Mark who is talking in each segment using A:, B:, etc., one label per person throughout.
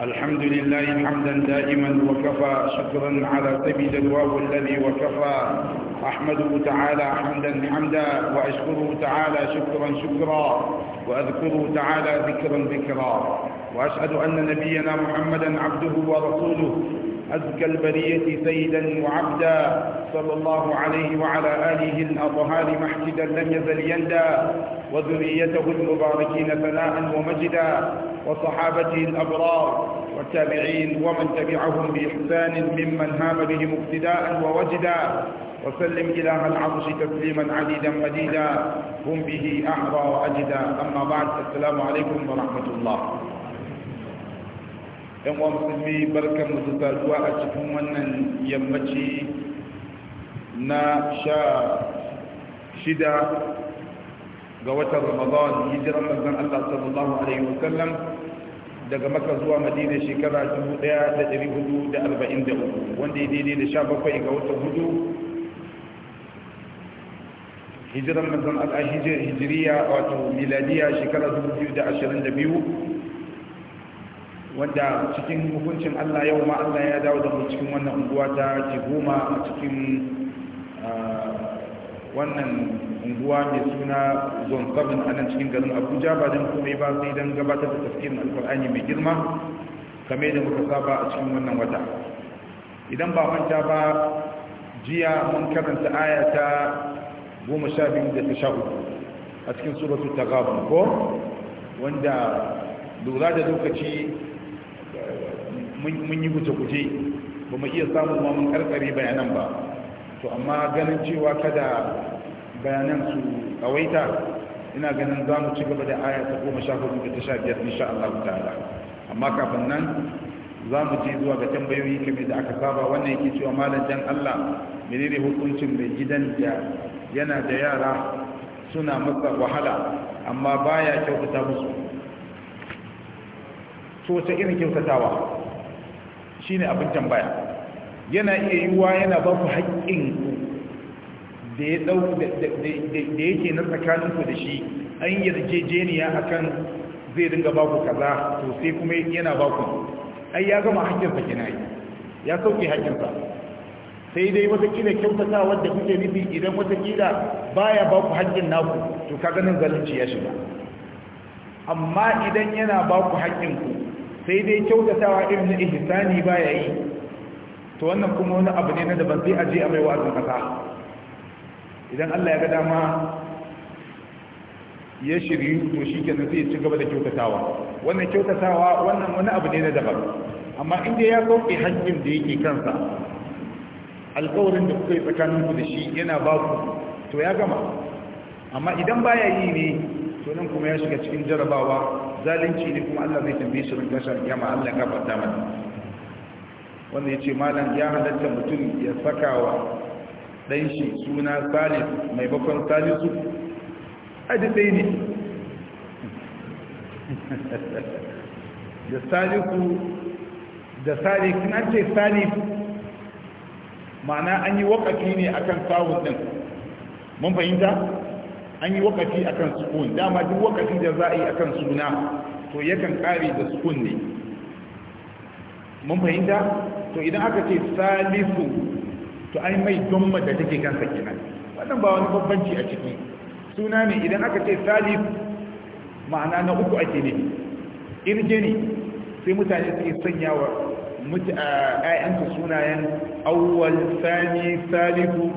A: الحمد لله حمدا دائما وكفى شكرا على سبي طيب جدواه الذي وكفى أحمده تعالى حمدا حمدا وأشكره تعالى شكرا شكرا وأذكره تعالى ذكرا ذكرا وأشهد أن نبينا محمدا عبده ورسوله أزكى البرية سيدا وعبدا صلى الله عليه وعلى آله الأطهار محجدا لم يزل يندى وذريته المباركين ثناء ومجدا وصحابته الأبرار والتابعين ومن تبعهم بإحسان ممن هام بهم اقتداء ووجدا وسلم إله العرش تسليما عديدا مديدا هم به أحرى وأجدا أما بعد السلام عليكم ورحمة الله yan uwa musulmi barkan mu da saduwa a cikin wannan yammaci na sha shida ga watan ramadan hijiran manzon Allah sallallahu alaihi wa sallam daga maka zuwa madina shekara 1443 wanda ya daidai da 17 ga watan hudu hijiran manzon Allah hijiriya wato miladiya shekara 2022 wanda cikin hukuncin Allah yau ma Allah ya dawo da mu cikin wannan unguwa ta ke goma a cikin wannan unguwa mai suna zone 7 a nan cikin garin Abuja ba don komai ba sai don gabatar da tafkirin alkur'ani mai girma game da muka saba a cikin wannan wata idan ba manta ba jiya mun karanta aya ta biyu da ta 13 a cikin ta taghabun ko wanda lura da lokaci mun yi guje-guje ba mu iya samun ma mun bayanan ba to amma ganin cewa kada bayanan su kawaita ina ganin za mu ci gaba da aya ta goma sha hudu da ta sha biyar insha Allah ta'ala amma kafin nan za mu je zuwa ga tambayoyi kamar da aka saba wannan yake cewa malam dan Allah menene hukuncin mai gidan da yana da yara suna masa wahala amma baya kyautata musu to ta irin kyautatawa shine abin tambaya yana iya yiwuwa yana ba ku haƙƙin da ya yake na tsakaninku da shi an yarjejeniya akan zai dinga ba ku kaza to sai kuma yana ba ku ai ya gama haƙƙinsa gina yi. ya sauke haƙƙinsa sai dai watakila kyautata wadda kuke nufi idan watakila baya ba ku haƙƙin naku to ka ganin zalunci ya shiga amma idan yana ba ku haƙƙinku sai dai kyautatawa irin na ihsani baya yi to wannan kuma wani abu ne na daban sai aje a mai wa'azin kasa idan Allah ya ga dama ya shiryu to shikenan sai ya ci gaba da kyautatawa wannan kyautatawa wannan wani abu ne na daban amma inda ya sauke hakkin da yake kansa alkawarin da kuka yi tsakaninku da shi yana ba ku to ya gama amma idan baya yi ne to nan kuma ya shiga cikin jarabawa zalunci ne kuma Allah zai tambaye shi rinka shan kiyama Allah ya gafarta mana wanda ya ce malam ya halatta mutum ya saka wa ɗan shi suna salis mai bakon salisu a dai ne da salisu da salis na ce salis ma'ana an yi wakafi ne akan sawun ɗin mun fahimta an yi wakafi kan sukun dama duk wakafi da za a yi a kan suna to yakan kare da sukun ne mun fahimta to idan aka ce salisu to ai mai domma da take kansa kenan wannan ba wani babbanci a ciki suna ne idan aka ce Salisu, ma'ana na uku ake ne irje ne sai mutane suke sanya wa ayyansu sunayen awwal sani salifu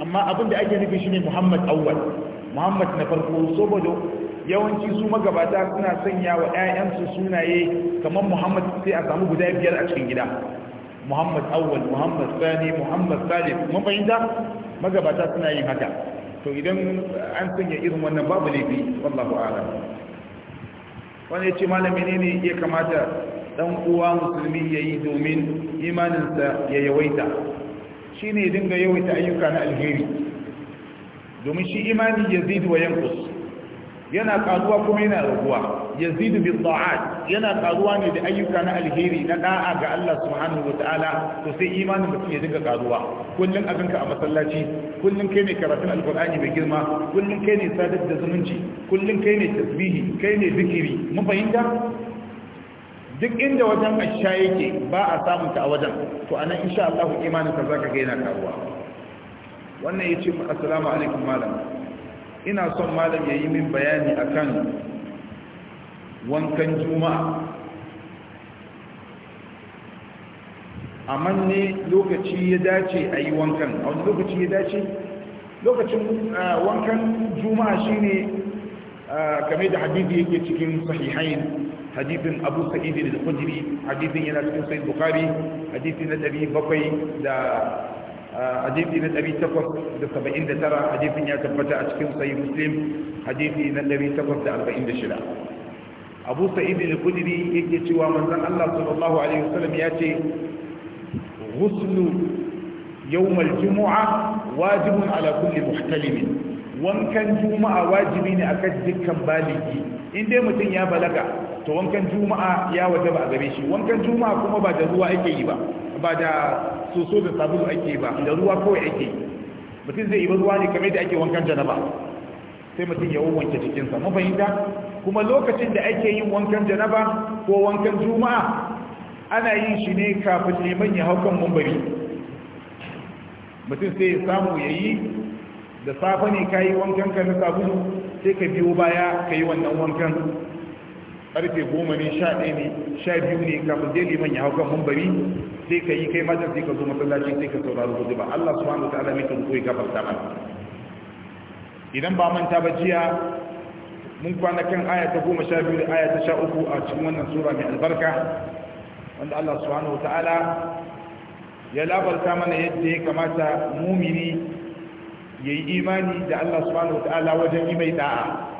A: amma abin da ake nufi ne muhammad awwal muhammad na farko saboda yawanci su magabata suna sanya wa 'ya'yansu sunaye kamar muhammad sai a samu guda biyar a cikin gida muhammad awwal muhammad sani muhammad salif mun fahimta magabata suna yin haka to idan an sanya irin wannan babu laifi wallahu a'lam wani ya ce malami ne ne ya kamata dan uwa musulmi ya yi domin imaninsa ya yawaita shi ne dinga yawaita ayyuka na alheri domin shi imani yazidu wa Yankus yana karuwa kuma yana raguwa yazidu bi ta'at yana karuwa ne da ayyuka na alheri na da'a ga Allah subhanahu wataala to sai imanin mutum ya dinga karuwa kullun abin a masallaci kullun kai ne karatun alqur'ani mai girma kullun kai ne sadar da zumunci kullun kai ne tasbihi kai ne zikiri mun fahimta duk inda wajen asha yake ba a samunta a wajen to anan insha Allah imanin ka zaka ga yana karuwa wannan ya ce mu assalamu alaikum malam ina son malam ya yi min bayani akan wankan juma'a amma ne lokaci ya dace a yi wankan a wani lokaci ya dace lokacin ah, wankan juma'a shine game ah, da hadithi yake cikin sahihain hadithin abu sa'idi da kujiri hadithin yana cikin sahih bukhari hadithi na 700 da hadisi na 879 hadisin ya tabbata a cikin sahih muslim hadisi na shida. abu sa'id al Kudiri yake cewa manzon Allah sallallahu alaihi wasallam ya ce ghuslu yawm al-jumu'a wajibun ala kulli muhtalim wankan juma'a wajibi ne akan dukkan baligi in dai mutum ya balaga to wankan juma'a ya wajaba a gare shi wankan juma'a kuma ba da ruwa yake yi ba ba da soso da sabulu ake ba da ruwa kawai ake mutum zai yi ba ruwa ne kamar da ake wankan janaba sai mutum ya wanke jikinsa mun fahimta kuma lokacin da ake yin wankan janaba ko wankan juma'a ana yin shi ne kafin neman ya hau kan mumbari mutum sai ya samu ya yi da safe ne ka yi wankan ka na sabulu sai ka biyo baya ka yi wannan wankan karfe goma ne sha ɗaya ne sha biyu ne kafin je liman ya hau kan mambari sai ka yi kai mata sai ka zo masallaci sai ka saurari hudu ba Allah su subhanahu ala, mai tunko ya gafarta mana idan ba manta ba jiya mun kwana kan aya ta goma sha biyu da aya ta sha uku a cikin wannan sura mai albarka wanda Allah su subhanahu ala, ya labarta mana yadda ya kamata mumini ya yi imani da Allah su subhanahu ala wajen yi mai da'a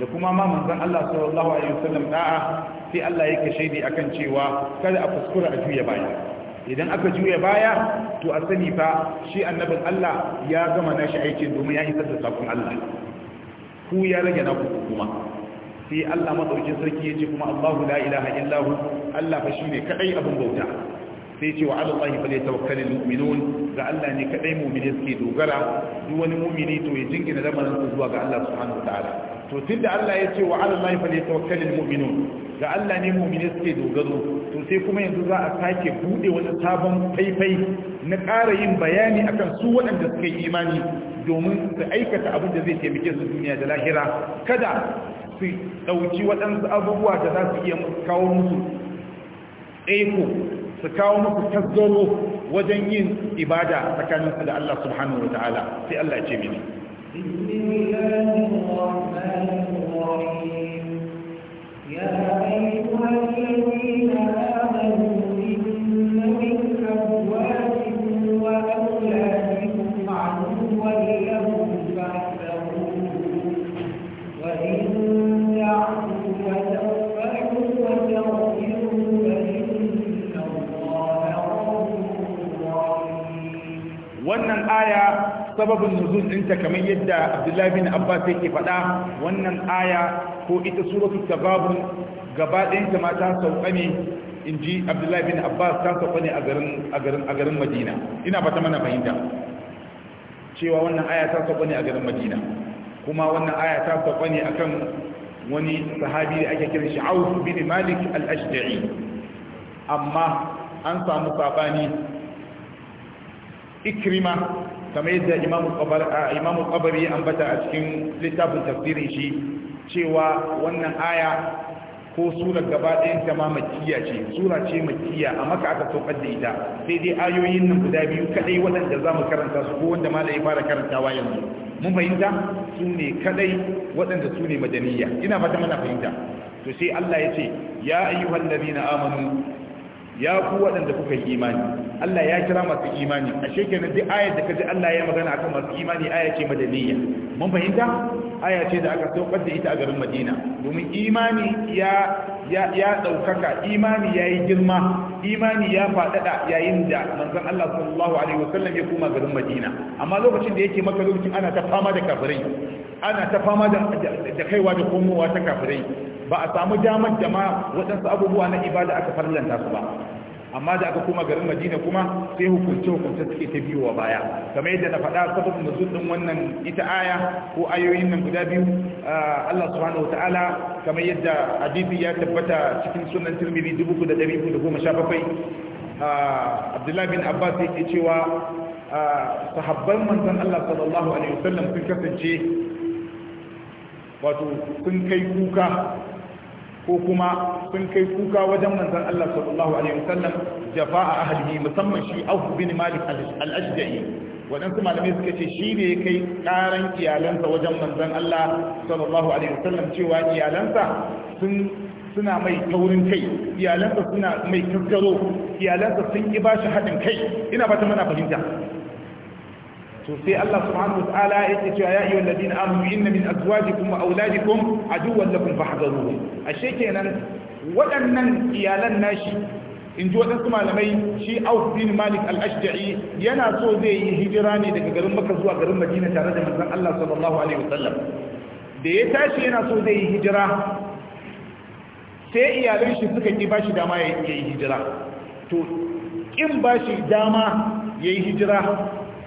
A: da kuma ma manzon Allah sallallahu alaihi wasallam da'a sai Allah yake shaidi akan cewa kada a kuskura a juya baya idan aka juya baya to a sani fa shi annabin Allah ya gama nashi aikin domin ya isa da sakon Allah ku ya rage na ku kuma sai Allah madaukin sarki yace kuma Allahu la ilaha illa hu Allah fa shine kadai abun bauta sai ce wa Allah fa tawakkalul mu'minun ga Allah ne kadai mu'mini suke dogara duk wani mu'mini to ya jingina lamarin zuwa ga Allah subhanahu wa ta'ala to da Allah ya ce wa ala Allah fa yatawakkalul mu'minun ga Allah ne mu'mini suke dogaro to sai kuma yanzu za a sake bude wani sabon faifai na ƙara yin bayani akan su waɗanda suka yi imani domin su aikata abin da zai taimake su duniya da lahira kada su ɗauki waɗansu abubuwa da za su iya kawo musu eko su kawo musu tazzaro wajen yin ibada tsakaninsu da Allah subhanahu wa ta'ala sai Allah ya ce mini
B: Yeah, I mean, what do you mean?
A: sababin nuzul ɗinta kamar yadda abdullahi bin abbas yake faɗa wannan aya ko ita suratu tababu gaba ɗayanta ma ta sauka ne in ji abdullahi bin abbas ta sauka ne a garin madina ina ba ta mana fahimta cewa wannan aya ta sauka ne a garin madina kuma wannan aya ta sauka ne akan wani sahabi da ake kiran shi auf bin malik al-ashda'i amma an samu sabani ikrima kamar yadda imamu kabari ya ambata a cikin littafin tafsirin shi cewa wannan aya ko sura gaba ɗayan ta ma makiya ce sura ce makiya a maka aka saukar da ita sai dai ayoyin nan guda biyu kadai waɗanda za mu karanta su ko wanda malai fara karantawa yanzu mun fahimta su ne kadai waɗanda su ne madaniya ina fata mana fahimta to sai Allah ya ce ya ayyuhal ladina amanu ya ku waɗanda kuka yi imani Allah ya kira masu imani a shekarun duk ayar da ka ji Allah ya magana akan masu imani aya ce madaniya mun fahimta aya ce da aka saukar da ita a garin madina domin imani ya ya ya daukaka imani ya yi girma imani ya faɗaɗa yayin da manzon Allah sallallahu alaihi wasallam ya koma garin madina amma lokacin da yake maka lokacin ana ta fama da kafirai ana ta fama da kaiwa da komowa ta kafirai ba a samu damar jama'a waɗansu abubuwa na ibada aka farlanta su ba amma da aka koma garin madina kuma sai hukunce hukunce suke ta biyowa baya kamar yadda na faɗa sabon nuzul din wannan ita aya ko ayoyin nan guda biyu ah, Allah subhanahu wataala kamar yadda hadisi ya tabbata cikin sunan Tirmidhi 3317 ah, Abdullah bin Abbas yake cewa ah, sahabban manzon Allah sallallahu alaihi wasallam sun kasance wato sun kai kuka ko kuma sun kai kuka wajen manzon Allah sallallahu alaihi wasallam jafa'a ahlihi musamman shi Auf bin Malik al-Ashja'i waɗansu malamai suka ce shi ne ya kai ƙaran iyalansa wajen manzon Allah sallallahu alaihi wasallam cewa iyalansa sun suna mai taurin kai iyalansa suna mai kaskaro iyalansa sun ki bashi haɗin kai ina ba ta mana fahimta to sai Allah subhanahu wataala ya cewa ya ayyuhal ladina amanu inna min azwajikum wa auladikum aduwwan lakum fahdharuhum ashe kenan waɗannan iyalan nashi in ji waɗansu malamai shi auf bin malik al-ashja'i yana so zai yi hijira ne daga garin makka zuwa garin madina tare da manzon Allah sallallahu alaihi wasallam da ya tashi yana so zai yi hijira sai iyalan shi suka ki bashi dama ya yi hijira to kin bashi dama ya yi hijira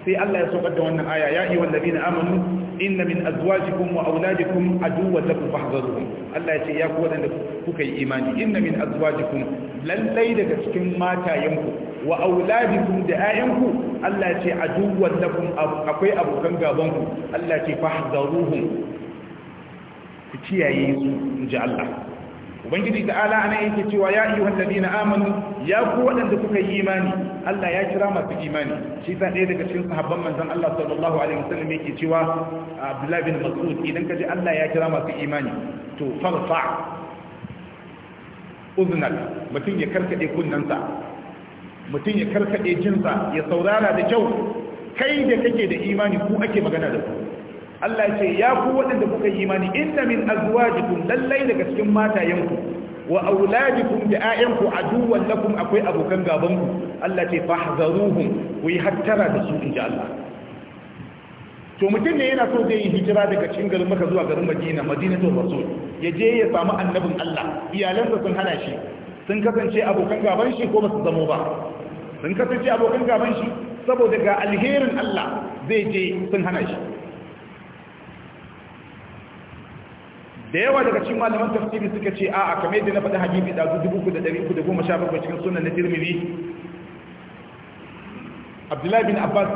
A: sai Allah ya saukar da wannan aya ya ayyuhal ladina amanu inna min azwajikum wa auladikum aduwwan lakum fahdharuhum Allah ya ce ya ku wadanda kuka yi imani inna min azwajikum lallai daga cikin matayenku wa auladikum da ayanku Allah ya ce aduwwan lakum akwai abokan gabanku. Allah ya ce fahdharuhum ku kiyaye su ji Allah ubangiji ta'ala ana yake cewa ya ayyuhal ladina amanu ya ku wadanda kuka yi imani Allah ya kira masu imani shi ta ɗaya daga cikin sahabban manzon Allah sallallahu alaihi wasallam yake cewa Abdullah bin Mas'ud idan kaje Allah ya kira masu imani to farfa uznal mutum ya karkade kunnansa mutum ya karkade jinsa ya saurara da kyau kai da kake da imani ku ake magana da ku Allah ce ya ku waɗanda kuka yi imani inna min azwajikum lallai daga cikin matayenku wa auladikum da ƴaƴanku aduwwan lakum akwai abokan gaban ku Allah ce fahzaruhum ku yi hattara da su inji Allah to mutum ne yana so zai yi hijira daga cikin garin Makka zuwa garin Madina to Rasul ya je ya samu annabin Allah iyalansa sun hana shi sun kasance abokan gaban shi ko ba su zamo ba sun kasance abokan gaban shi saboda ga alherin Allah zai je sun hana shi da yawa daga cikin malaman tafsiri suka ce a'a kamar yadda na faɗi hadisi da bakwai cikin sunan na Tirmidhi Abdullahi bin Abbas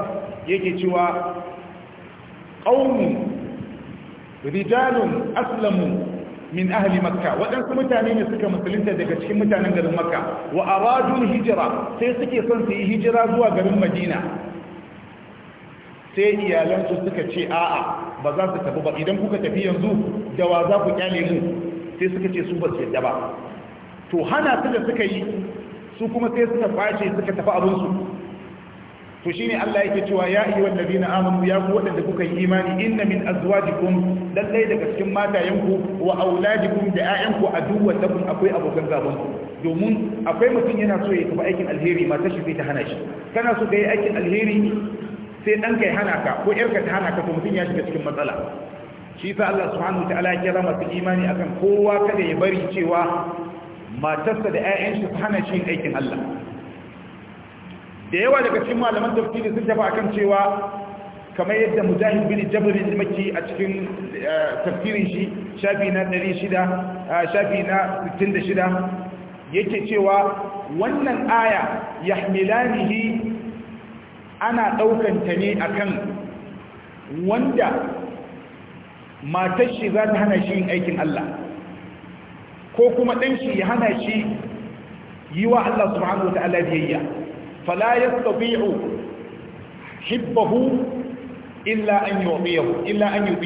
A: yake cewa qaumi rijalun aslamu min ahli makka waɗansu mutane ne suka musulunta daga cikin mutanen garin makka wa aradun hijira sai suke son su yi hijira zuwa garin madina sai iyalansu suka ce a'a ba za su tafi ba idan kuka tafi yanzu da wa za ku kyale mu sai suka ce su ba su yadda ba to hana su da suka yi su kuma sai suka face suka tafi abinsu to shine Allah yake cewa ya ayyuha allazina amanu ya ku wadanda kuka yi imani inna min azwajikum lallai daga cikin matayenku wa auladikum da ayyanku aduwwan lakum akwai abokan gaban ku domin akwai mutum yana so ya tafi aikin alheri mata shi zai ta hana shi kana so ka yi aikin alheri sai ɗanka ya hana ka ko ƴarka ta hana ka to mutum ya shiga cikin matsala shi sa Allah subhanahu ta'ala ya kira masu imani akan kowa kada ya bari cewa matarsa da ƴaƴan shi hana shi aikin Allah da yawa daga cikin malaman tafsiri sun tafi akan cewa kamar yadda mujahid bin jabr al-makki a cikin eh, tafsirin shi shafi na 600 eh, shafi na 66 yake cewa wannan aya yahmilanihi ana ɗaukanta ne akan wanda matashi za ta hana shi yin aikin Allah ko kuma ɗan shi ya hana shi yi wa Allah subhanahu wa ta'ala biyayya fala yastati'u hibbahu illa an yubiyahu illa an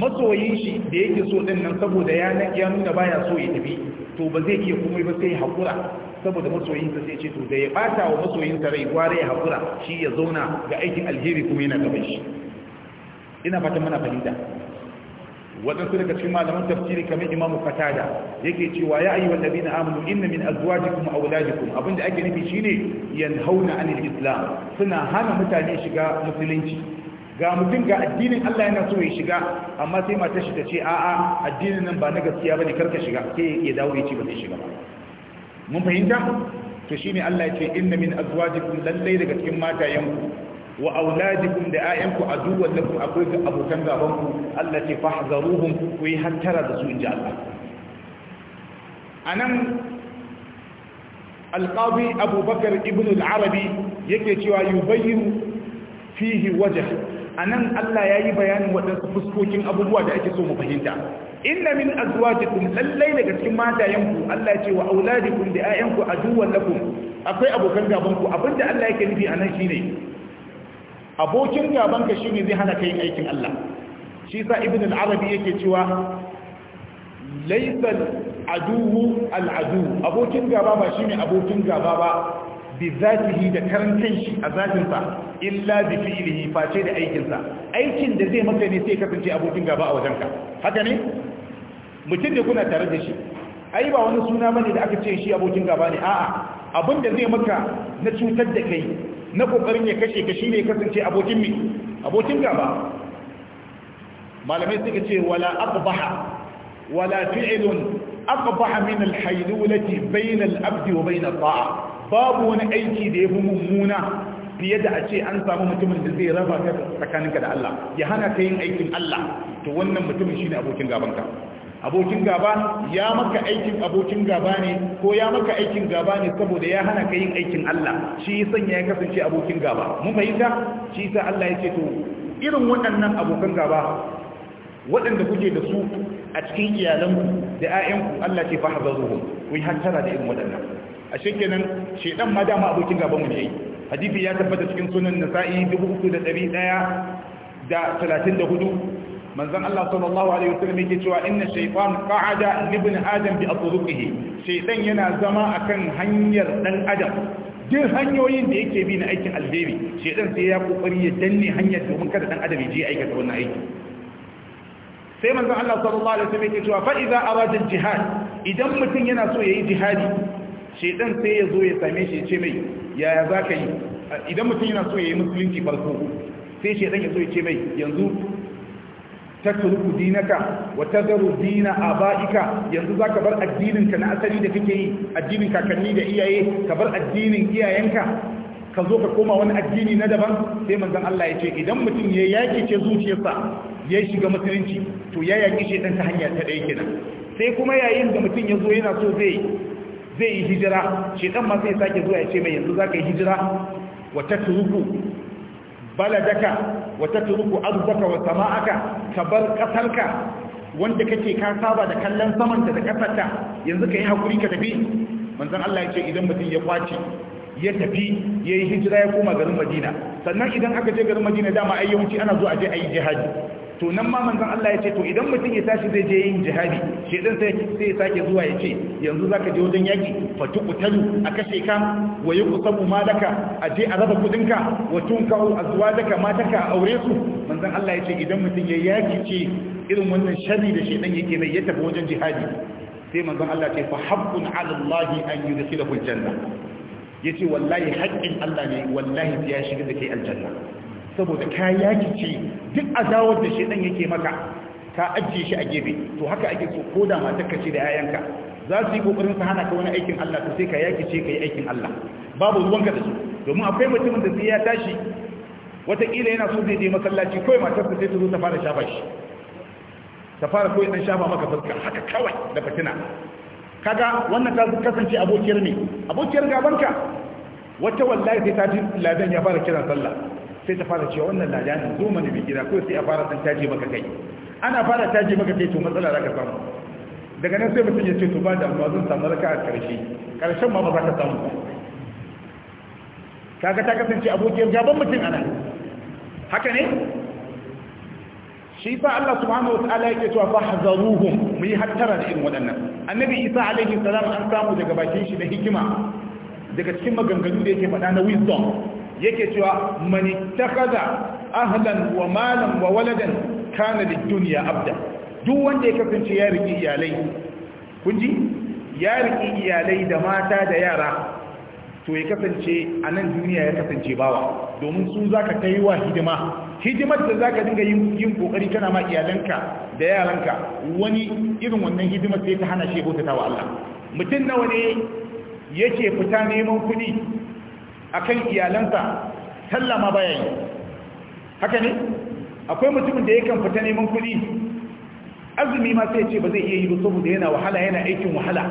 A: masoyin shi da yake so din nan saboda ya nuna baya so ya tafi to ba zai iya komai ba sai hakura saboda masoyinsa sai ce to da ya bata wa masoyinsa rai gware ya hakura shi ya zauna ga aikin alheri kuma yana gaban shi ina fatan mana fahimta waɗansu daga cikin malaman tafsiri kamar imamu fatada yake cewa ya ayyuhal ladina amanu inna min azwajikum auladikum abinda ake nufi shine yanhauna anil islam suna hana mutane shiga musulunci ga mutum ga addinin Allah yana so ya shiga amma sai matar shi ta ce a'a addinin nan ba na gaskiya bane karka shiga sai ya dawo ya ce ba zai shiga ba mun fahimta to shine Allah ya ce inna min azwajikum lallai daga cikin mata yanku, wa auladikum da ayyanku aduwwan ku akwai ga abokan gaban ku Allah ce fahzaruhum ku yi hantara da su inji Allah anan alqabi abubakar ibn al-arabi yake cewa yubayyin fihi wajh anan Allah yayi bayanin wadansu fuskokin abubuwa da ake so mu fahimta inna min azwajikum lallai daga cikin matayenku Allah ya ce wa auladikum da ayyanku aduwwan lakum akwai abokan gaban ku abinda Allah yake nufi anan shine abokin gaban ka shine zai hana kai aikin Allah shi sa ibn al-arabi yake cewa laysa al-aduwu al-adu abokin gaba ba shine abokin gaba ba bi zatihi da karan kanshi a sa, illa bi fi'lihi face da aikinsa aikin da zai maka ne sai kasance abokin gaba a wajenka haka ne mutum da kuna tare da shi ai ba wani suna bane da aka ce shi abokin gaba ne a'a abin da zai maka na cutar da kai na kokarin ya kashe ka shine kasance abokin mi abokin gaba malamai suka ce wala aqbaha wala fi'lun aqbaha min al-haylulati bayna al-abdi wa bayna ta'a babu wani aiki da yafi mummuna fiye da a ce an samu mutumin da zai raba ka tsakaninka da Allah ya hana ka yin aikin Allah to wannan mutumin shine abokin gabanka abokin gaba ya maka aikin abokin gaba ne ko ya maka aikin gaba ne saboda ya hana ka yin aikin Allah shi sanya ya kasance abokin gaba mun fahimta shi yasa Allah yake to irin waɗannan abokan gaba waɗanda kuke da su a cikin iyalanku da 'ya'yanku Allah ce fahzaruhum ku yi hantara da irin waɗannan a shekenan shedan ma dama abokin gaban mu ne hadisi ya tabbata cikin sunan nasa'i 3134 manzon Allah sallallahu alaihi wasallam yake cewa inna shaytan qa'ada ibn adam bi atruqihi shaytan yana zama akan hanyar dan adam duk hanyoyin da yake bi na aikin alheri shaytan sai ya kokari ya danne hanyar domin kada dan adam ya je aikata wannan aiki sai manzon Allah sallallahu alaihi wasallam yake cewa fa idza arada al-jihad idan mutum yana so yayi jihadi shaytan sai ya zo ya same shi ya ce mai yaya zaka yi idan mutum yana so yayi musulunci farko sai shaytan ya zo ya ce mai yanzu tatruku dinaka wa tadharu dina abaika yanzu zaka bar addininka na asali da kake yi addinin kakanni da iyaye ka bar addinin iyayenka ka zo ka koma wani addini na daban sai manzon Allah ya ce idan mutum ya yaki ce zuciyarsa ya shiga musulunci to ya yaki shi dan ta hanya ta ɗaya kenan sai kuma yayin da mutum ya zo yana so zai zai yi hijira shedan ma sai sake zuwa ya ce mai yanzu zaka yi hijira wa tatruku baladaka wata turuku arzaka wa sama'aka ka bar kasarka wanda kake ka saba da kallon samanta da kasarta yanzu ka yi hakuri ka tafi manzon Allah ya ce idan mutum ya kwace ya tafi ya yi hijira ya koma garin madina sannan idan aka je garin madina dama ai yawanci ana zo a je a yi jihadi to nan ma manzan Allah ya ce to idan mutum ya tashi zai je yin jihadi shedan sai sai ya sake zuwa ya ce yanzu zaka je wajen yaki fatu qutalu a kashe ka wa yuqsamu malaka a je a raba kudinka wa tunkau azwajaka mataka a aure su manzon Allah ya ce idan mutum ya yaki ce irin wannan sharri da shedan yake mai ya tafi wajen jihadi sai manzon Allah ce fa haqqun 'ala Allah an yudkhilahu aljanna yace wallahi haqqin Allah ne wallahi ya shiga da kai aljanna saboda ka yaki ce duk azawar da shedan yake maka ka ajiye shi a gefe to haka ake ko da matar ce da yayanka za su yi kokarin su hana ka wani aikin Allah to sai ka yaki ce ka yi aikin Allah babu ruwanka da su domin akwai mutumin da sai ya tashi watakila yana so zai je masallaci kawai matar sai ta zo ta fara shafa shi ta fara kawai ɗan shafa maka fuska haka kawai da fatina kaga wannan ta kasance abokiyar ne abokiyar gabanka wata wallahi sai ta ji ladan ya fara kiran sallah sai ta fara cewa wannan ne, zo mana bi gida ko sai a fara san taje maka kai ana fara taje maka kai to matsala za ka samu daga nan sai mutum ya ce to ba da amma zan samu raka a karshe karshen ma ba za ka samu kaga ta kasance abokiyar gaban mutum ana haka ne shi sa Allah subhanahu wataala yake cewa fahzaruhum mu yi hattara da irin waɗannan annabi Isa alaihi salam an samu daga bakin shi da hikima daga cikin maganganu da yake faɗa na wisdom yake cewa man ittakhadha ahlan wa malan wa waladan kana da dunya abda duk wanda ya kasance ya riki iyalai kun ji ya riki iyalai da mata da yara to ya kasance a nan duniya ya kasance bawa domin su zaka kai wa hidima hidimar da zaka dinga yin ƙoƙari kokari kana ma iyalanka da yaranka wani irin wannan hidimar sai ta hana shi ta wa Allah mutum nawa ne yake fita neman kuɗi akan iyalansa sallah ma baya yi haka ne akwai mutumin da yakan fita neman kuɗi azumi ma sai ce ba zai iya yi ba saboda yana wahala yana aikin wahala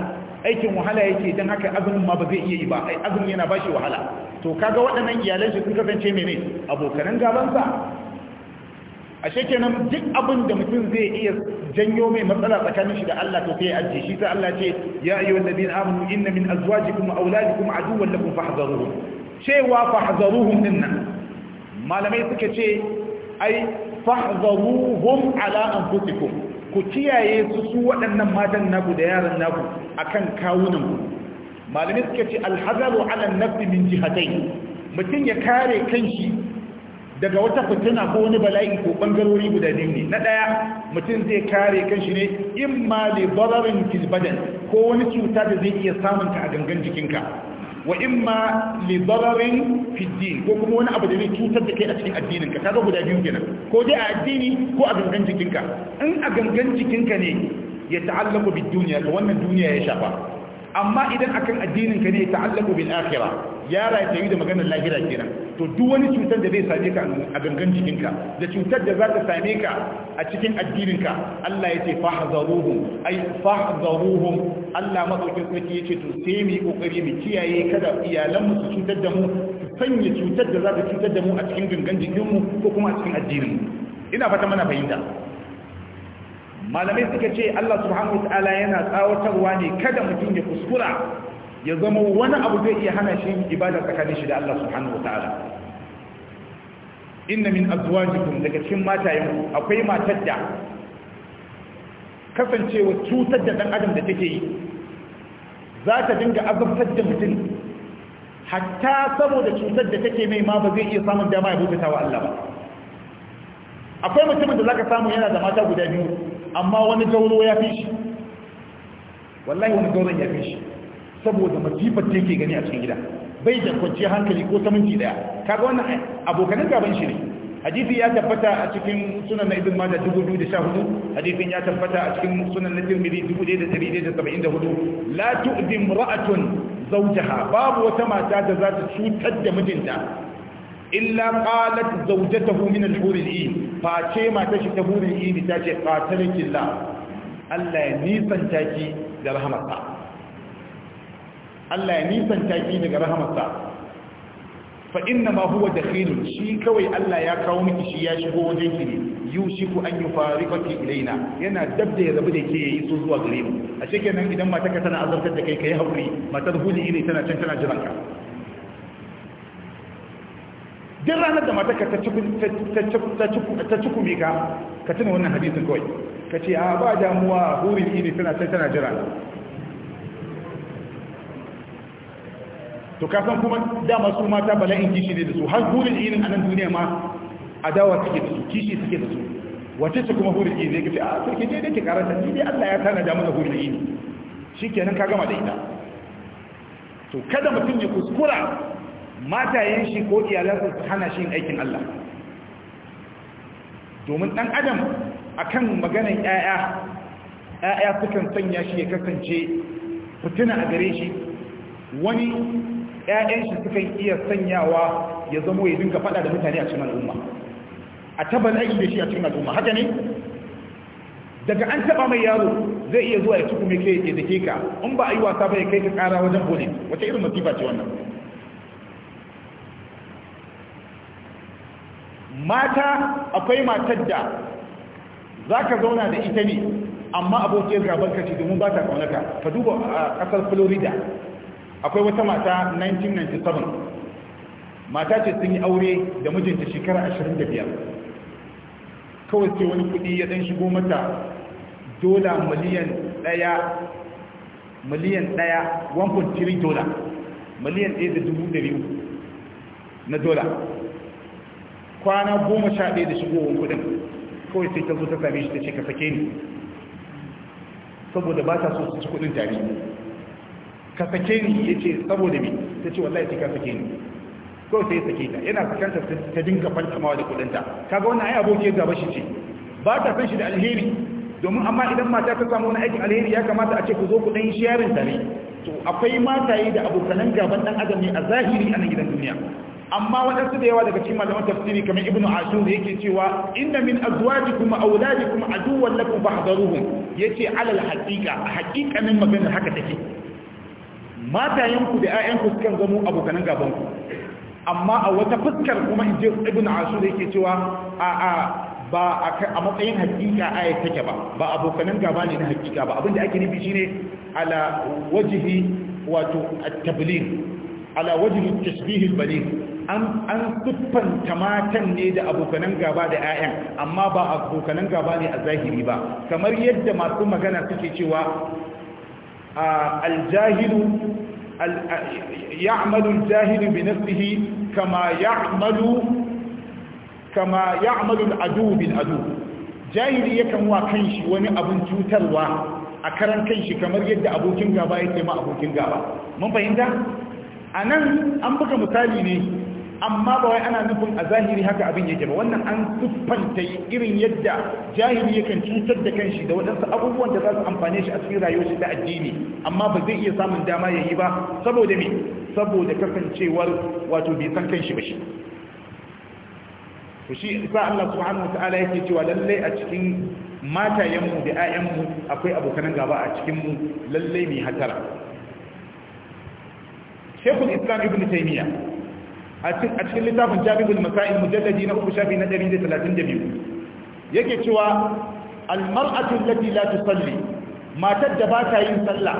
A: aikin wahala yake don haka azumin ma ba zai iya yi ba azumin yana bashi wahala to kaga waɗannan iyalan shi sun kasance mene abokanan gabansa a shekenan duk abin da mutum zai iya janyo mai matsala tsakanin shi da Allah to sai ajiye shi ta Allah ce ya ayyuhal ladina amanu inna min azwajikum wa auladikum aduwwan lakum fahdharuhum cewa fahzaruhum dinnan malamai suka ce ai fahzaruhum ala anfusikum ku kiyaye su su waɗannan matan naku da yaran naku akan kawunan ku malamai suka ce alhazaru ala nafsi min jihatai mutum ya kare kanshi daga wata fitina ko wani bala'i ko bangarori guda biyu ne na ɗaya mutum zai kare kanshi ne imma li dararin fil badan ko wani cuta da zai iya samunta a gangan jikinka wa imma li dararin fi din ko kuma wani abu da zai cutar da kai a cikin addinin ka kaga guda biyu kenan ko dai a addini ko a gangan jikinka in a gangan jikinka ne ya ta'allaqu bid duniya, to wannan duniya ya shafa amma idan akan addinin ka ne ta'allaqu bil akhirah ya rayu tayi da maganar lahira kenan to duk wani cutar da zai same ka a gangan jikinka, da cutar da za ta same ka a cikin addinin ka Allah ya ce fahzaruhum ai fahzaruhum Allah madaukin sarki yace to sai mu kokari mu kiyaye kada iyalan mu su cutar da mu su sanya cutar da za ta cutar da mu a cikin gangan jikinmu ko kuma a cikin addinin mu ina fata mana fahimta malamai suka ce Allah subhanahu wataala yana tsawatarwa ne kada mutum ya kuskura ya zama wani abu zai iya hana shi ibada tsakanin shi da Allah subhanahu wataala inna min azwajikum daga cikin matayen akwai matar da kasancewa cutar da dan adam da take yi za ta dinga azabtar da mutum hatta saboda cutar da take mai ma ba zai iya samun dama ya bukata wa Allah ba akwai mutumin da zaka samu yana da mata guda biyu amma wani gauro ya fi shi wallahi wani gauron ya fi shi saboda masifar da yake gani a cikin gida bai da kwanciyar hankali ko saminci daya kaga wannan abokanin gaban shi ne hadisi ya tabbata a cikin sunan na ibn majah 2014 hadisin ya tabbata a cikin sunan na tirmidhi 1174 la tu'dhi imra'atun zawjaha babu wata mata da za ta cutar da mijinta illa qalat zawjatuhu min al-hur al-ayn fa shi ta hur al-ayn ta ce qatalaki Allah Allah ya nisanta ki da rahamarsa Allah ya nisanta ki daga rahamarsa fa shi kawai Allah ya kawo miki shi ya shigo wajen ki ne yushiku an yufariqaki ilaina yana dabda ya rabu da ke yayi so zuwa gare mu a idan mata ka tana da kai kai matar huli ne tana can tana jiran ka duk ranar da mataka ta ci kumi ka tuna wannan hadisun kawai ka ce a ba damuwa hurin ini tana sai tana jira to kasan kuma dama su mata bala'in kishi ne da su har hurin ini a nan duniya ma adawa suke da su kishi suke da su wace su kuma hurin ini ne ka ce a sarki ne da ke karanta ni dai allah ya tana da hurin ini shi kenan ka gama da ita to kada mutum ya kuskura matayen shi ko iyalan su hana shi aikin Allah domin ɗan adam akan maganan ƴaƴa ƴaƴa sukan sanya shi ya kasance fitina a gare shi wani ƴaƴan shi sukan iya sanyawa ya zamo ya dinga faɗa da mutane a cikin al'umma a tabbala'i da shi a cikin al'umma haka ne daga an taba mai yaro zai iya zuwa ya tuku mai kai ya dake ka in ba a yi wasa ba ya kai ka kara wajen bolin wata irin masifa ce wannan mata akwai matar da za ka zauna da ita ne amma abokin gaban ce domin ba ta kaunaka ka duba a kasar florida akwai wata mata 1997 mata ce sun yi aure da mijinta shekara 25 kawai sai wani kudi ya dan shigo mata dola miliyan daya miliyan daya 1.3 dola miliyan ɗaya na dola kwana goma sha ɗaya da shigowar kudin kawai sai ta zo ta same shi ta ce ka sake ni saboda ba ta so su ci kudin tare ka sake ni ya ce saboda me ta ce wallahi ce ka sake ni kawai sai ya sake ta yana sakanta ta dinga fantamawa da kudinta ga wannan ai ya gaba shi ce ba ta san shi da alheri domin amma idan mata ta samu wani aikin alheri ya kamata a ce ku zo ku dan sharing tare to akwai mataye da abokanan gaban dan adam ne a zahiri a nan gidan duniya amma waɗansu da yawa daga cikin malaman tafsiri kamar ibnu ashur yake cewa inna min azwajikum wa auladikum aduwwan lakum fahdharuhum yace alal haqiqa haqiqanin magana haka take matayenku da ƴaƴanku sukan zamo abokan gaban ku amma a wata fuskar kuma inji ibnu ashur yake cewa a a ba a matsayin haqiqa ayat take ba ba abokan gaba ne na haqiqa ba abinda ake nufi shine ala wajhi wato at-tabligh ala wajhi at-tashbih al-baligh an tuffan tamatan ne da abokanan gaba da 'ya'yan amma ba abokanan gaba ne a zahiri ba kamar yadda masu magana suke cewa aljahilu ya'malu aljahilu bi nafsihi kama ya'malu kama ya'malu al'adu bil adu jahili yakan wa kanshi wani abin cutarwa a karan kanshi kamar yadda abokin gaba yake ma abokin gaba mun fahimta A nan an buga misali ne amma ba wai ana nufin a zahiri haka abin yake ba wannan an tuffanta irin yadda jahili yakan cutar da kanshi da waɗansu abubuwan da za su amfane shi a cikin rayuwar shi ta addini amma ba zai iya samun dama ya yi ba saboda me saboda kasancewar wato bai san kanshi ba shi to shi isa Allah subhanahu wataala yake cewa lallai a cikin matayenmu da mu akwai abokan gaba a cikin mu lallai mai hatara Sheikhul Islam Ibn Taymiyyah a cikin littafin jami'ul masa'il mujalladi na uku shafi na 132 yake cewa almar'atu allati la tusalli matar da ba ta yin sallah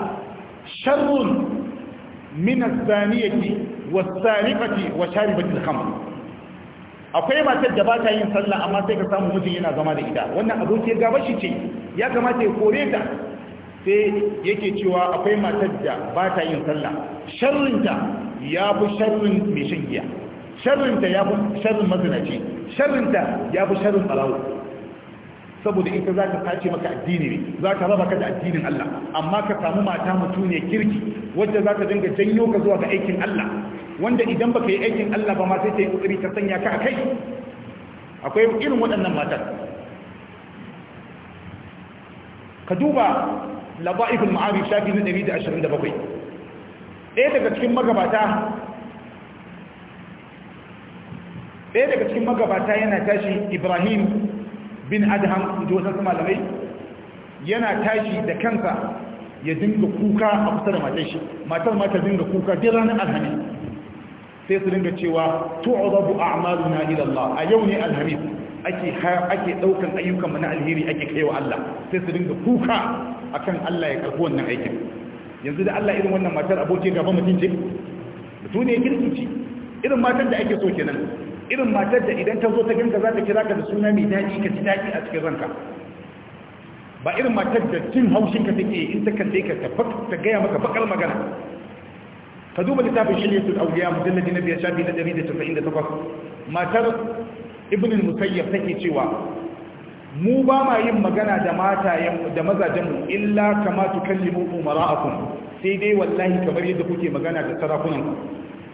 A: sharrun min az-zaniyati was-sariqati wa sharibati al-khamr akwai matar da ba ta yin sallah amma sai ka samu mutum yana zama da ita wannan abokiyar gaba shi ce ya kamata ya kore ta sai yake cewa akwai matar da ba ta yin sallah sharrinta ya fi sharrin mai shan giya sharrinta ya fi sharrin mazinaci sharrinta ya fi sharrin balawo saboda ita za ta tace maka addini ne za ta raba ka da addinin Allah amma ka samu mata mutu ne kirki wadda za ta dinga janyo ka zuwa ga aikin Allah wanda idan baka yi aikin Allah ba ma sai ta yi kokari ta sanya ka a kai akwai irin waɗannan matan ka duba laba'ifin ma'ari shafi na 127 ɗaya daga cikin magabata ɗaya daga cikin magabata yana tashi ibrahim bin adham da wasu malamai yana tashi da kansa ya dinga kuka a kusa da matar shi matar mata dinga kuka duk ranar alhamis sai su dinga cewa tu'rabu a'maluna ila Allah a yau ne alhamis ake ake daukan ayyukan mu na alheri ake kaiwa Allah sai su dinga kuka akan Allah ya karbi wannan aikin yanzu da Allah irin wannan matar aboki gaba mutum ce mutum ne kirki ce irin matar da ake so kenan irin matar da idan ta zo ta ganka za ta kira ka da suna mai daɗi ka ji daɗi a cikin ranka ba irin matar da jin ka take in ta kalle ka ta gaya maka bakar magana ka duba littafin shiryatul auliya mujalladi na biyar shafi na 198 matar ibn musayyab take cewa mu ba ma yin magana da matayen da mazajenmu illa kama tukallimu umara'akum sai dai wallahi kamar yadda kuke magana da sarakunan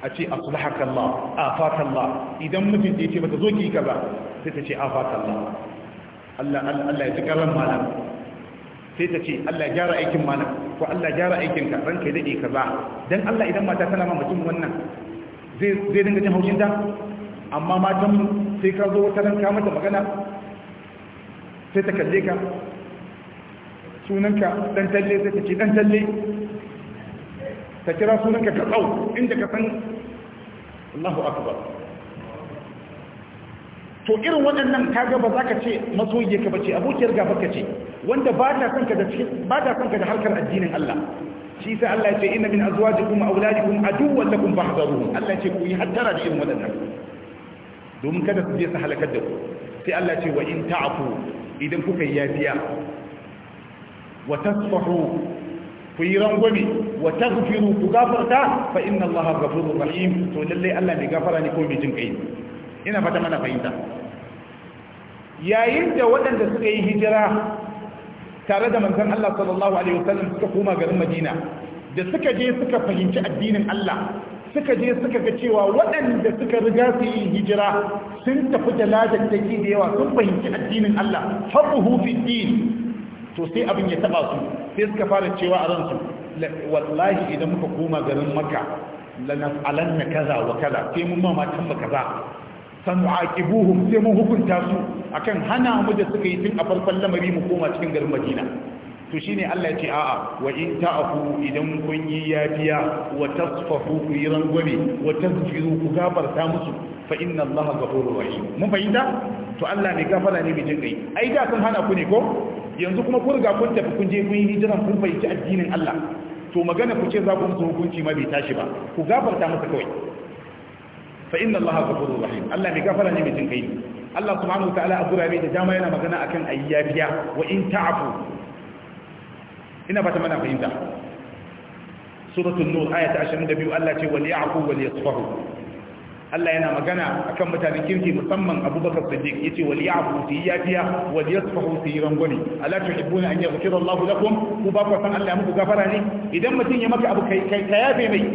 A: a ce a aslahakallah afakallah idan mutum da ce bata zo ki kaza sai ta ce afakallah Allah Allah ya ji karan malam sai ta ce Allah ya gyara aikin malam ko Allah ya gyara aikin ka ranka ka ba. Don Allah idan mata tana ma mutum wannan zai zai dinga jin haushin ta amma matan sai ka zo wata ran ka mata magana sai ta kalle ka sunanka dan talle sai ta ce dan talle
B: ta kira sunanka ka tsau inda ka san Allahu akbar
A: to irin waɗannan kaga ba za ka ce masoyiye ka bace abokiyar gaba ka ce wanda ba ta kanka da ba ta kanka da harkar addinin Allah shi sai Allah ya ce inna min azwajikum auladikum aduwwan lakum fahdharuhum Allah ya ce ku yi hattara da irin waɗannan domin kada su je su halakar da ku sai Allah ce wa in ta'fu idan kuka yi yafiya wa tasfahu ku yi rangwame wa taghfiru ku gafarta fa inna Allaha ghafurur rahim to lalle Allah ne gafara ne ko mai jin kai ina fata mana fahimta yayin da waɗanda suka yi hijira tare da manzon Allah sallallahu alaihi wasallam suka koma garin Madina da suka je suka fahimci addinin Allah suka je suka ga cewa waɗanda suka riga su yi hijira sun tafi da ladan da yawa sun fahimci addinin Allah Har fi din to sai abin ya taɓa su sai suka fara cewa a ransu wallahi idan muka koma garin maka lanas'alan na kaza wa kaza sai mun mamakin mu kaza san mu'aqibuhum sai mun hukunta su akan hana mu da suka yi tun a farkon lamari mu koma cikin garin Madina to shi ne Allah ce a'a wa in ta'fu idan kun yi yafiya wa tasfahu ku yi rangwame wa tasfiru ku gafarta musu fa inna Allah ghafurur rahim mun fahimta to Allah ne gafara ne mai jin kai ai da sun hana ku ne ko yanzu kuma kun riga kun tafi kun je kun yi hijiran kun fahimci addinin Allah to magana ku ce za ku musu hukunci ma bai tashi ba ku gafarta masa kawai fa inna Allah ghafurur rahim Allah ne gafara ne mai jin kai Allah subhanahu wa ta'ala a gurabe da dama yana magana akan ayyabiya wa in ta'fu ina ba ta mana fahimta suratul nur ayata 22 Allah ce wal ya'fu wal yasfahu Allah yana magana akan mutanen kirki musamman Abubakar Siddiq yace wal ya'fu fi yafiya wal yasfahu fi rangwani ala tuhibbuna an yaghfira Allah lakum ku ba ku san Allah ya muku gafara ne idan mutun ya maka abu kai kai ka yafe mai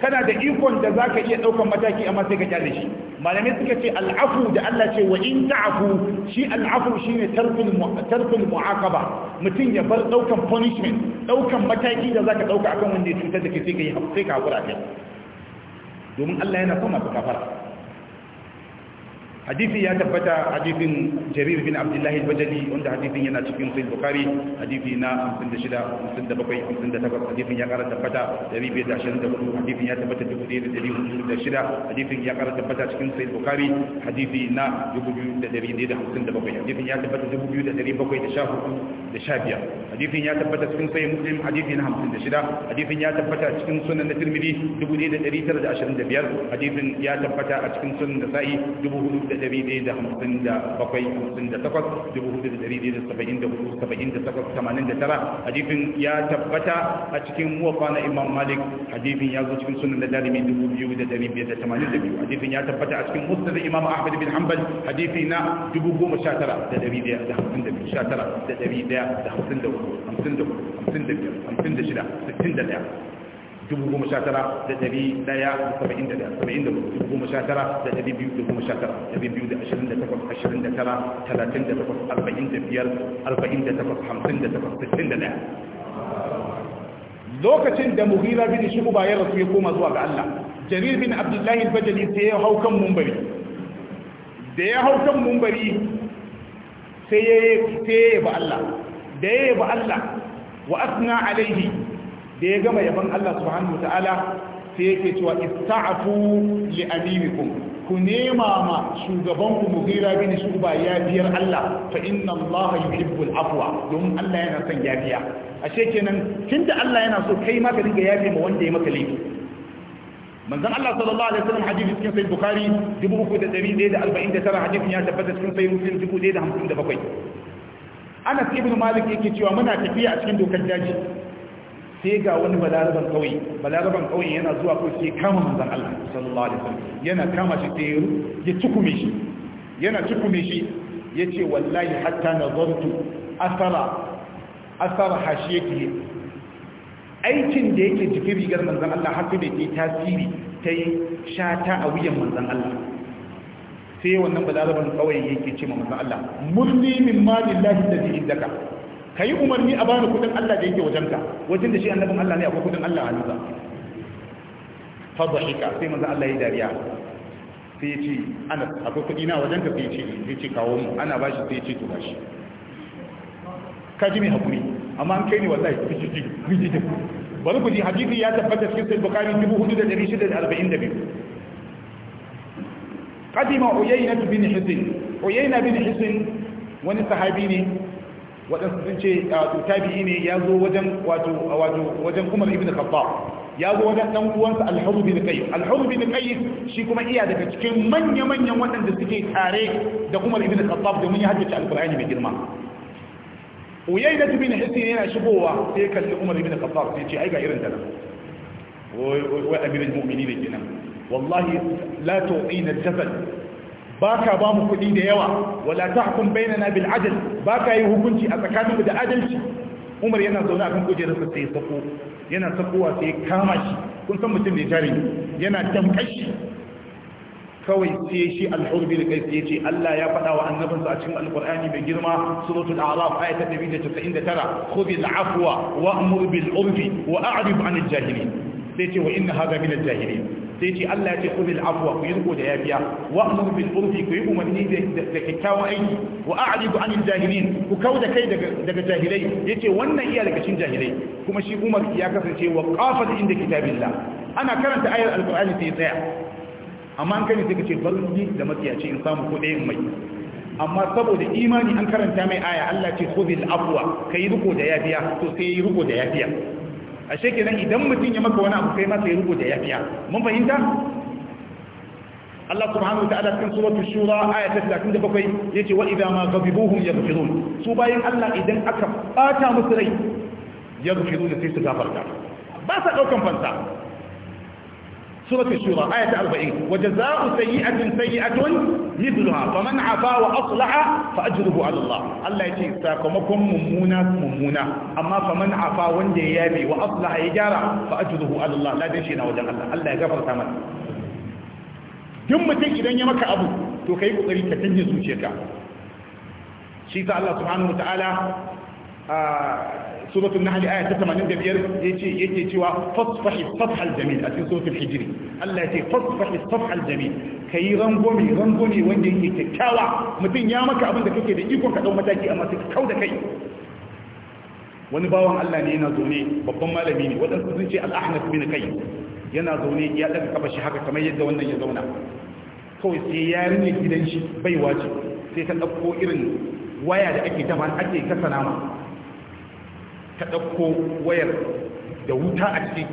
A: kana da ikon da zaka iya ɗaukan mataki amma sai ka kyale shi malamai suka ce al'afu da Allah ce wa in ta'fu shi al'afu shine ne tarkul mu'akaba mutum ya bar ɗaukan punishment ɗaukan mataki da zaka ɗauka akan wanda ya cutar da ke sai ka yi sai ka kai domin Allah yana son masu kafara hadisi ya tabbata hadisin jarir bin abdullahi al-bajali wanda hadisin yana cikin sahih bukhari hadisi na 56 57 58 hadisin ya kara tabbata 224 hadisin ya tabbata 1406 hadisin ya kara tabbata cikin sahih bukhari hadisi na 2157 hadisin ya tabbata 2714 da shabiya hadisin ya tabbata cikin sahih muslim hadisi na 56 hadisin ya tabbata cikin sunan na tirmidhi 1925 hadisin ya tabbata a cikin sunan nasa'i tara hadifin ya tabbata a cikin muwafa na imam malik hadifin ya zo cikin sunan da da biyu hadifin ya tabbata a cikin da imam ahmad bin hanbal hadifi na tara da 154 sittin da 61 da da saba'in da saba'in da dubu da biyu biyu da ashirin da takwas ashirin da tara talatin da takwas da biyar da takwas hamsin da takwas da lokacin da muhira bin shuba ya rasu ya koma zuwa ga Allah jarir bin abdullahi bajali sai ya hau kan mumbari da ya hau kan mumbari sai ya yi ba Allah da ya yi ba Allah wa asna alaihi da ya gama yaban Allah subhanahu ta'ala sai yake cewa ista'fu li aminikum ku nema ma shugaban ku mughira bin shuba yafiyar Allah fa inna Allah yuhibbul afwa don Allah yana son yafiya ashe kenan tunda Allah yana so kai maka ka dinga yafi ma wanda ya maka laifi manzon Allah sallallahu alaihi wasallam hadisi cikin sahih bukhari 3149 hadisin ya tabbata cikin sahih muslim 1057 Anas ibn Malik yake cewa muna tafiya a cikin dokar daji sai ga wani balaraban kauye balaraban kauye yana zuwa kawai sai kama manzan Allah sallallahu alaihi wasallam yana kama shi sai ya tukume shi yana tukume shi yace wallahi hatta nazartu asara asara hashiyati aikin da yake jikin rigar manzan Allah har sai da ke tasiri ta yi shata a wuyan manzan Allah sai wannan balaraban kauye yake ce ma manzan Allah mulmi min malillahi da zai indaka ka yi umarni a bani kudin Allah da yake wajenka wajen da shi annabin Allah ne akwai kudin Allah a hannunsa fa dhahika sai manzo Allah ya yi dariya sai ya ce ana akwai kudi na wajen ka sai ce sai ce kawo mu ana bashi sai ya ce to bashi ka ji mai hakuri amma an kai ni wallahi ku ji ji ku ji bari ku ji hadisi ya tabbata cikin sahih bukhari 4642 qadima uyayna bin hisn uyayna bin hisn wani sahabi ne waɗansu sun ce to tabi'i ne ya zo wajen wato wato wajen Umar ibn Khattab ya zo wajen dan uwansa Al-Hurr bin Qayyim Al-Hurr bin Qayyim shi kuma iya daga cikin manya manyan waɗanda suke tare da kuma ibn Khattab da mun yi hajjaci Al-Qur'ani mai girma Uyayna bin Hisin yana shigowa sai kalli Umar ibn Khattab sai ce ai ga irin ta nan wai wai amirul mu'minin kenan wallahi la tu'ina jabal baka ba mu kuɗi da yawa wala tahkum bainana bil adl baka yi hukunci a tsakaninmu da adalci Umar yana zaune akan kujerarsa sai sako yana sakowa sai kama shi kun san mutum ne jari yana shi kawai sai shi alhurbi da kai sai ce Allah ya faɗa wa annabinsa a cikin alqur'ani mai girma suratul a'raf ayat 199 khudh al-afwa wa'mur bil urfi wa a'rif 'anil jahilin sai ce wa inna hadha min al-jahilin sai ce Allah ya ce kudil afwa ku yi riko da yafiya wa amru bil urfi ku yi umarni da kyakkyawan aiki wa a'ridu anil jahilin ku kauda kai daga jahilai yace wannan iya daga cikin jahilai kuma shi Umar ya kasance wa qafat inda kitabillah ana karanta ayar alqur'ani sai tsaya amma an kani sai ka ce barni da matsiyaci in samu ko ɗayan mai amma saboda imani an karanta mai aya Allah ce khudhil afwa kai riko da yafiya to sai yi riko da yafiya ashe nan idan mutum ya maka wani abu kai masa ya rubuta yafiya mun fahimta Allah subhanahu wataala cikin suratul shura aya ta 37 yace wa idza ma ghadibuhum yaghfirun su bayan Allah idan aka bata musu rai yaghfirun sai su gafarta ba sa daukan fansa سورة الشورى آية 40 وجزاء سيئة سيئة مثلها فمن عفا وأصلح فأجره على الله الله يتي ساكمكم ممونا ممونا أما فمن عفا وندي يابي وأصلح يجارة فأجره على الله لا دشينا وجه الله الله يغفر تمام جمة إذا يمك أبو to kai kokari ka canje zuciyarka shi ta Allah subhanahu wataala suratul nahl aya ta 85 yace yake cewa fasfahi safhal jamil a cikin suratul hijri Allah yace fasfahi safhal jamil kai rangomi rangomi wanda yake kyakkyawa mutum ya maka abin da kake da iko ka dau mataki amma sai ka kauda kai wani bawan Allah ne yana zaune babban malami ne waɗansu sun ce al-ahnaf bin kai yana zaune ya daga kafa shi haka kamar yadda wannan ya zauna kawai sai gidan shi baiwa ce sai ta ɗauko irin waya da ake dafa ake kasa nama ta ɗauko wayar da wuta a ciki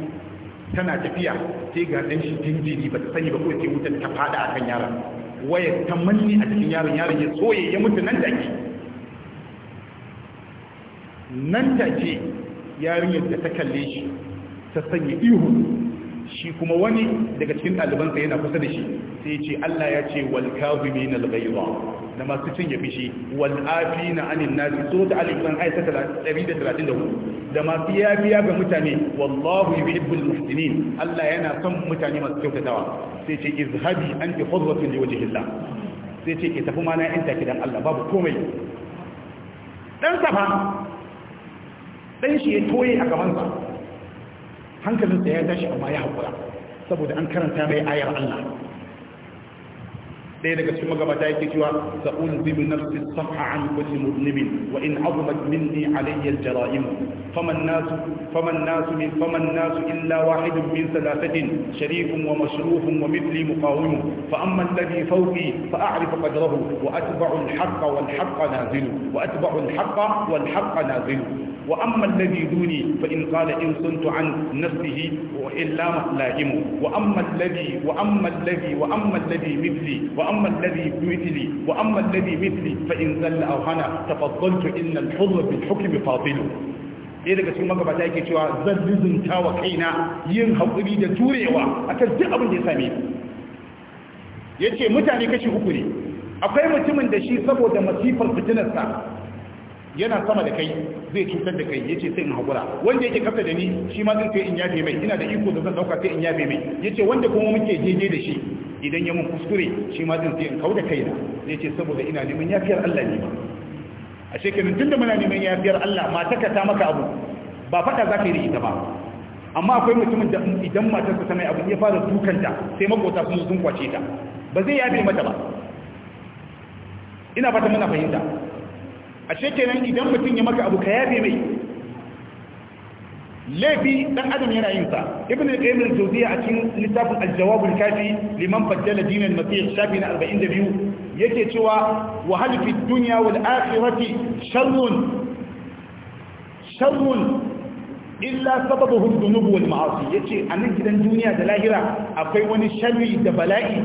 A: tana tafiya sai ga ɗan shi jinjiri ba ta sani ba ko sai wutar ta fada akan yaron wayar ta manne a cikin yaron yaron ya soye ya mutu nan da ke nan da ke yarinyar da ta kalle shi ta sanya ihu shi kuma wani daga cikin ɗalibansa yana kusa da shi sai ce Allah ya ce wal kazimin al ghaiza da masu cin yafi shi wal afina anin nas so ta alifan aisa 134 da masu yafiya ga mutane wallahu yuhibbul muhsinin Allah yana son mutane masu kyautatawa sai ce izhabi an anti qudratun liwajhillah sai ce ki tafi mana yan take dan Allah babu komai dan safa dan shi ya toye a gaban hankalinsa ya tashi amma ya haƙura saboda an karanta mai ayar Allah ديدك سما غبا تاي تيوا نفس الصفحه عن كل مذنب وان عظمت مني علي الجرائم فما الناس فما الناس من فما الناس الا واحد من ثلاثه شريف ومشروف ومثلي مقاوم فاما الذي فوقي فاعرف قدره واتبع الحق والحق نازل واتبع الحق والحق نازل واما الذي دوني فان قال ان كنت عن نفسه والا لائم واما الذي واما الذي واما الذي مثلي وأما وأما الذي مثلي وأما الذي مثلي فإن زل أو هنا تفضلت إن الحر بالحكم فاضل ɗaya daga cikin magabata yake cewa zan lizinta wa kaina yin haƙuri da turewa a kan duk abin da ya same ya ce mutane kashi uku ne akwai mutumin da shi saboda masifar fitinarsa yana sama da kai zai cutar da kai ya ce sai in haƙura wanda yake kasa da ni shi ma zan sai in yafe mai ina da iko da zan ɗauka sai in yafe mai ya ce wanda kuma muke jeje da shi idan ya mun kuskure shi ma din tsaye in da kaina zai ce saboda ina neman yafiyar Allah ne ba a shekarun tun da muna neman yafiyar Allah ma ta maka abu ba fada za ka yi da ita ba amma akwai mutumin da idan matarsa ta mai abu ya fara dukanta sai makota sun zun kwace ta ba zai yafe mata ba ina fata muna fahimta a shekarun idan mutum ya maka abu ka yafe mai laifi dan adam yana yin sa ibn al-qayyim al-jawziyya a cikin littafin al-jawab al-kafi liman faddala din al-masih shafi na 42 yake cewa wa hal fi dunya wal akhirati sharrun sharrun illa sababuhu dhunub wal ma'asi yace a nan gidan duniya da lahira akwai wani sharri da bala'i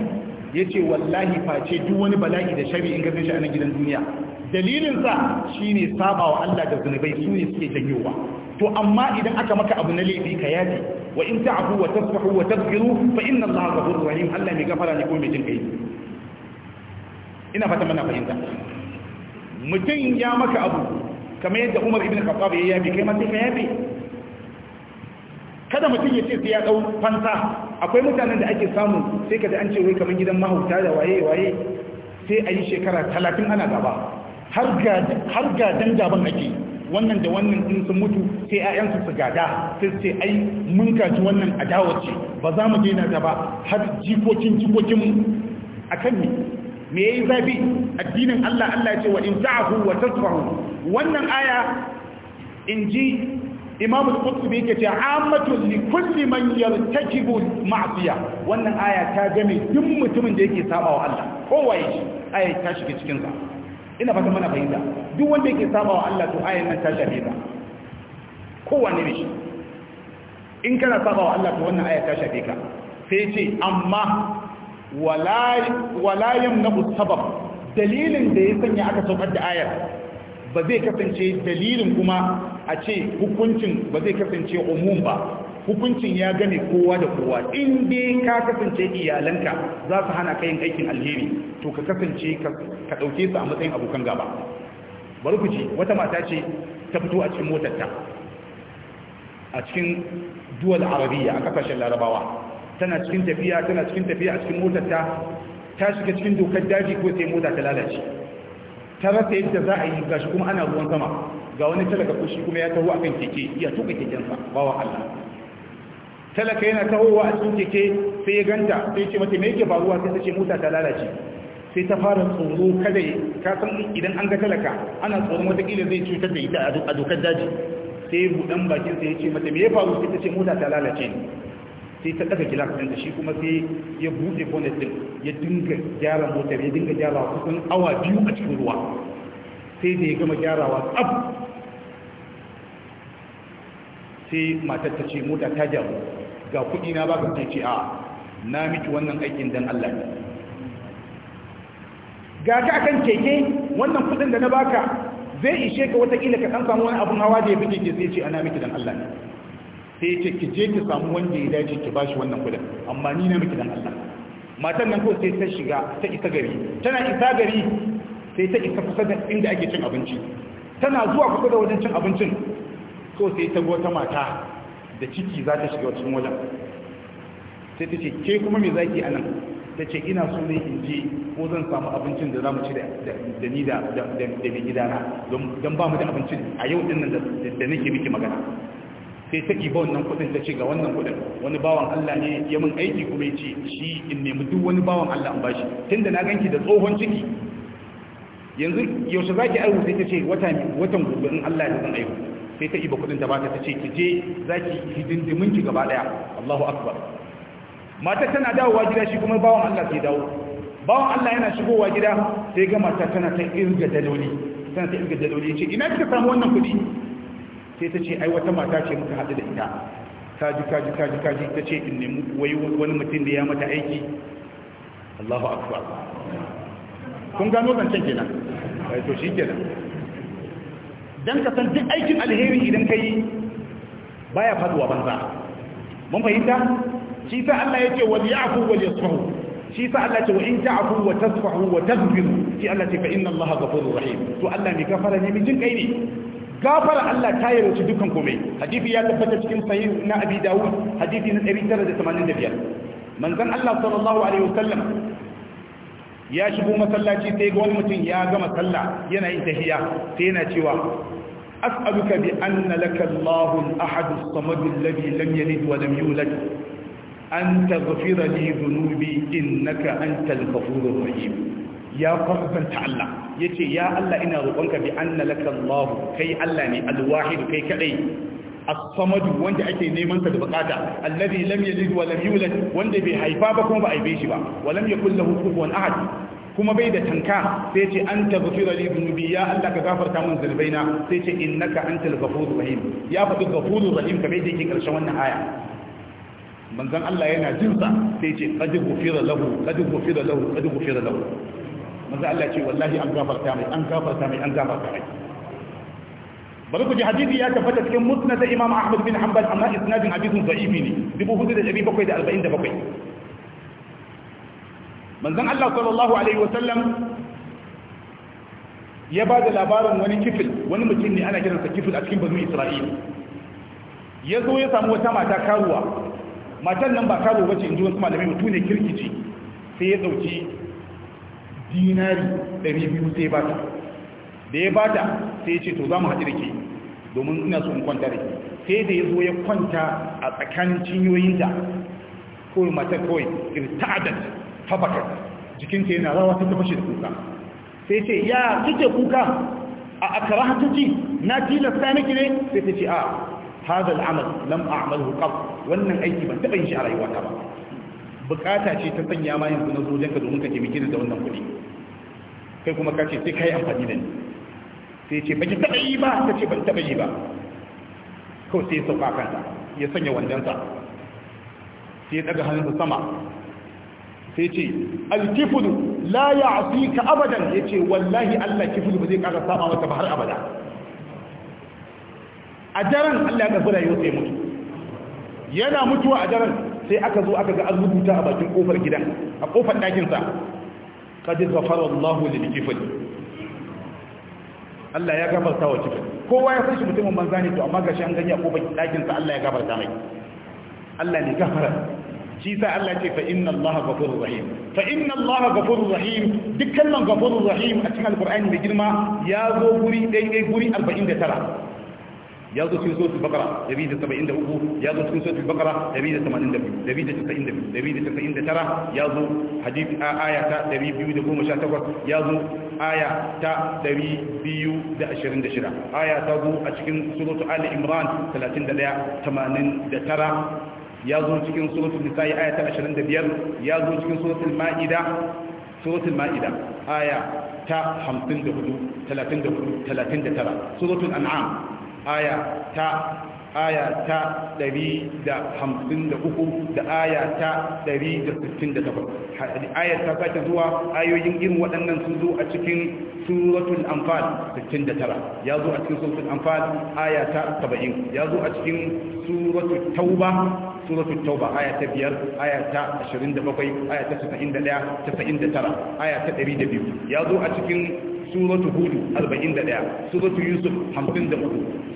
A: ya ce wallahi face duk wani bala'i da shari'i in gasin shi gidan duniya dalilinsa shi ne saba wa Allah da zunubai su ne suke janyowa to amma idan aka maka abu na laifi ka yafi wa in ta'fu wa tasfahu wa tadhkiru fa inna Allah ghafurur rahim Allah mai gafara ne ko mai jin kai ina fata mana fahimta mutum ya maka abu kamar yadda Umar ibn Khattab ya yafi kai ma sai ka yafi kada mutum ya ce sai ya dau fansa akwai mutanen da ake samu sai kada an ce wai kamar gidan mahauta da waye waye sai a yi shekara talatin ana gaba har dan gaban ake wannan da wannan din sun mutu sai 'ya'yansu su gada sai ce ai mun kaji wannan adawar ba za mu daina gaba ba har jikokin jikokin mu ne me yayi zafi addinin Allah Allah ce wa in ta'fu wa tasfahu wannan aya in ji imam al-qurtubi yake ce ammatu li kulli man yartakibu ma'siya wannan aya ta game duk mutumin da yake sabawa Allah kowaye shi aya ta shiga cikin sa ina fata mana fahimta duk wanda yake sabawa Allah to ayan nan ta shafe ka kowanne ne shi in kana sabawa Allah to wannan aya ta shafe ka sai ce amma wala wala yamnabu sabab dalilin da ya sanya aka saukar da ayar ba zai kasance dalilin kuma a ce hukuncin ba zai kasance umum ba hukuncin ya gane kowa da kowa in ka kasance iyalanka za su hana kayan aikin alheri to ka kasance ka dauke su a matsayin abokan gaba bari ku ji wata mata ce ta fito a cikin motarta a cikin duwal arabiya a kasashen larabawa tana cikin tafiya tana cikin tafiya a cikin motarta ta shiga cikin dokar daji ko sai mota ta lalace ta rasa yadda za a yi gashi kuma ana ruwan sama ga wani talaka kushi kuma ya taho kan keke ya tuka kekensa wa Allah talaka yana tahowa a cikin keke sai ya ganta sai ce mata me yake faruwa sai ta ce mota ta lalace sai ta fara tsoro kada ka san idan an ga talaka ana tsoron wata kila zai cutar da ita a dokar daji sai buɗan bakin sai ya ce mata me ya faru sai ta ce mota ta lalace sai ta daga gilas ɗin da shi kuma sai ya buɗe bonnet ɗin ya dinga gyara motar ya dinga gyarawa kusan awa biyu a cikin ruwa sai da ya gama gyarawa tsab sai matar ta ce mota ta gyaru ga kuɗi na ba ka ce ce a na miki wannan aikin dan Allah ne ga ka akan keke wannan kuɗin da na baka zai ishe ka watakila ka ɗan samu wani abun hawa da ya fi keke sai ce ana miki dan Allah ne sai ce ki je ki samu wanda ya dace ki bashi wannan kudin amma ni na miki dan Allah matan nan ko sai ta shiga ta isa gari tana isa gari sai ta isa kusa da inda ake cin abinci tana zuwa kusa da wajen cin abincin so sai ta wata mata da ciki za ta shiga cikin wajen sai ta ce ke kuma me zaki anan ta ce ina so ne in je ko zan samu abincin da za mu ci da ni da mai gidana don ba mu da abincin a yau din nan da nake miki magana sai ta ba wannan kuɗin ta ce ga wannan kuɗin wani bawan Allah ne ya min aiki kuma ya ce shi in nemi duk wani bawan Allah an bashi tunda na ganki da tsohon ciki yanzu yaushe zaki aihu sai ta ce wata watan gobe in Allah ya zan aihu sai ta iba kuɗin ta ba ta ce ki je zaki hidindimin ki gaba ɗaya Allahu akbar mata tana dawowa gida shi kuma bawan Allah sai dawo bawan Allah yana shigowa gida sai ga mata tana ta irga daloli tana ta irga daloli ce ina kika samu wannan kuɗi sai ta ce ai wata mata ce muka haɗu da ita kaji kaji kaji kaji ta ce in nemi wai wani mutum da ya mata aiki Allahu akbar kun gano zancen kenan ai to shi kenan dan ka san duk aikin alheri idan kai baya faduwa banza mun fahimta shi sa Allah yake wal ya'fu wal yasfahu shi sa Allah ce wa in ta'fu wa tasfahu wa tazbiru shi Allah ce fa inna Allah ghafurur rahim to Allah mai gafara ne mai jin kai ne gafara Allah ta yarwaci dukkan komai hadisi ya tabbata cikin sahih na Abi Dawud hadisi na 985 manzon Allah sallallahu alaihi wasallam ya shigo masallaci sai ga wani mutum ya gama sallah yana yin tahiyya sai yana cewa as'aluka bi anna laka Allahu al-ahad as-samad alladhi lam yalid wa lam yulad an taghfira li dhunubi innaka antal ghafurur rahim ya kwamfanta Allah ya ce ya Allah ina roƙonka bi an na laka Allahu kai Allah ne alwahidu kai kaɗai as-samadu wanda ake neman sa da bukata allazi lam yalid wa lam yulad wanda bai haifa ba kuma ba aibe shi ba wa lam yakul lahu kufuwan ahad kuma bai da tanka sai ce an tabbafira li dhunubi ya Allah ka gafarta min zunubaina sai ce innaka antal ghafurur rahim ya faɗi ghafurur rahim kamar da yake karshen wannan aya manzon Allah yana jinsa sai ce qad ghufira lahu qad ghufira lahu qad ghufira lahu manzo Allah ce wallahi an gafarta mai an gafarta mai an gafarta mai bari ku ji hadisi ya tabbata cikin musnad da Imam Ahmad bin Hanbal amma isnadin hadisin da'ifi ne 4747 manzon Allah sallallahu alaihi wa sallam ya ba da labarin wani kifil wani mutum ne ana kiransa kifil a cikin banu isra'ila ya zo ya samu wata mata karuwa matan nan ba karuwa bace in ji wasu malamai mutu ne kirkici sai ya dauki dinari 200 sai bata da ya bata sai ya ce to za mu haɗu da ke domin ina so kwanta da ke sai da ya zo ya kwanta a tsakanin cinyoyinta kawai matar kawai irtadar tabbatar jikinta yana rawa ta fashe da kuka sai ce ya kike kuka a akara hatuci na tilasta miki ne sai ta ce a hadal amal lam a'mal qab wannan aiki ban taɓa yin shi a ta ba bukata ce ta sanya ma yanzu na zojenka domin ka taimake ni da wannan kuɗi kai kuma ka ce sai ka yi amfani da ni sai ce baki taɓa yi ba ta ce ban taɓa yi ba kawai sai ya sauka kanta ya sanya sa. sai ya daga hannunsa sama sai ce alkifulu la ya asi ka abadan ya ce wallahi allah kifulu ba zai ƙara sama mata ba har abada a daren allah ya ƙarfi yau sai mutu yana mutuwa a daren sai aka zo aka ga an rubuta a bakin kofar gidan a kofar ɗakinsa qad ghafara Allahu lil kifl Allah ya gafarta wa kifl kowa ya san shi mutumin manzani to amma gashi an gani a kofar dakin Allah ya gafarta mai Allah ne gafara shi sa Allah ce fa inna Allah ghafurur rahim fa inna Allah ghafurur rahim duk kallon ghafurur rahim a cikin alqur'ani mai girma ya zo guri dai dai guri 49 ya zo cikin sosu bakara dari da saba'in da uku ya zo cikin sosu bakara dari da tamanin da biyu dari da casa'in da biyu dari da casa'in da tara ya zo hadisi a aya ta dari biyu da goma sha takwas ya zo aya ta dari biyu da ashirin da shida aya ta zo a cikin surutu ali imran talatin da daya tamanin da tara ya zo cikin suratul nisa'i aya ta ashirin da biyar ya zo cikin surutu ma'ida suratul ma'ida aya ta talatin da tara surutu an'am aya ta aya ta 153 da aya ta 168 aya ta sake zuwa ayoyin irin waɗannan sun zo a cikin suratul anfal 69 ya zo a cikin suratul anfal aya ta 70 ya zo a cikin suratul tauba suratul tauba aya ta 5 aya ta 27 aya ta 91 99 aya ta 102 ya zo a cikin suratu hudu 41 suratu yusuf 53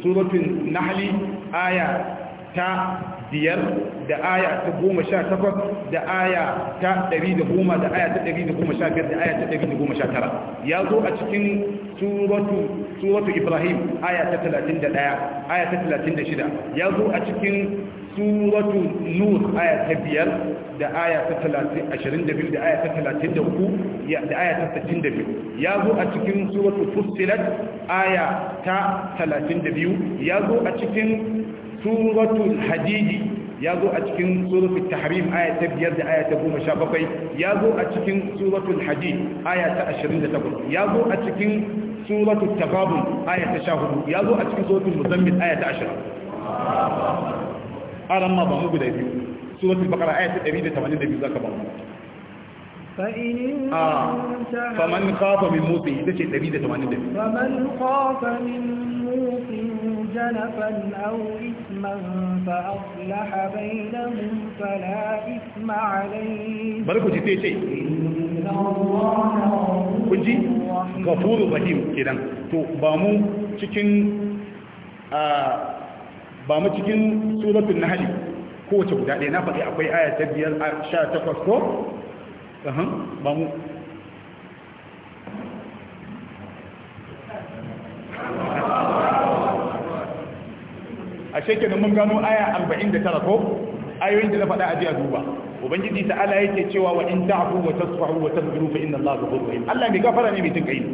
A: suratu nahli aya ta biyar da aya ta goma sha takwas da aya ta ɗari da goma da aya ta ɗari da goma sha biyar da aya ta ɗari da goma sha tara ya zo a cikin suratu ibrahim aya ta talatin da ɗaya aya ta talatin da shida ya zo a cikin suratun nur aya ta biyar da aya ta ashirin da biyu da aya ta talatin da uku da aya ta sittin da biyu ya zo a cikin suratu fussilat aya ta talatin da biyu ya zo a cikin suratul hadidi ya zo a cikin suratul tahrim aya ta biyar da aya ta goma sha bakwai ya zo a cikin suratul hadid aya ta ashirin da takwas ya zo a cikin suratul tababun aya ta sha hudu ya zo a cikin suratul muzammil aya ta ashirin aran ma ba mu guda biyu suratul baqara ayat 182 zaka ba mu
B: ah, فمن خاف
A: من موت دشي 182 فمن
B: خاف من موت جنفا او اثما فاصلح بينهم فلا اثم عليه بركو جي تيتي kunji gafuru rahim
A: kenan to ba mu cikin ah, ba mu cikin suratul ko kowace guda ɗaya na faɗi akwai aya ta biyar a sha takwas ko ba mu a shekaru mun gano aya arba'in da tara ko ayoyin da na faɗa a jiya duba ubangiji ta ala yake cewa wa in ta'fu wa tasfahu wa tasbiru fa inna allaha ghafurur rahim Allah mai gafara ne mai jin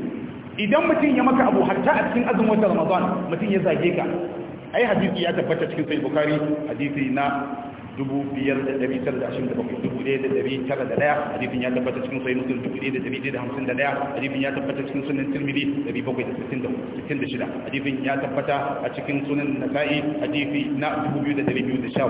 A: idan mutum ya maka abu har ta a cikin azumin wata ramadan mutum ya zage ka ai hadisi ya tabbata cikin sai bukhari hadisi na dubu biyar da ɗari tara da ashirin da bakwai dubu ɗaya da ɗari tara da ɗaya hadifin ya tabbata cikin sai mutum dubu ɗaya da ɗari ɗaya da hamsin da ɗaya hadifin ya tabbata cikin sunan tirmidhi ɗari bakwai da sittin da shida hadifin ya tabbata a cikin sunan nasa'i hadifi na dubu biyu da ɗari biyu da sha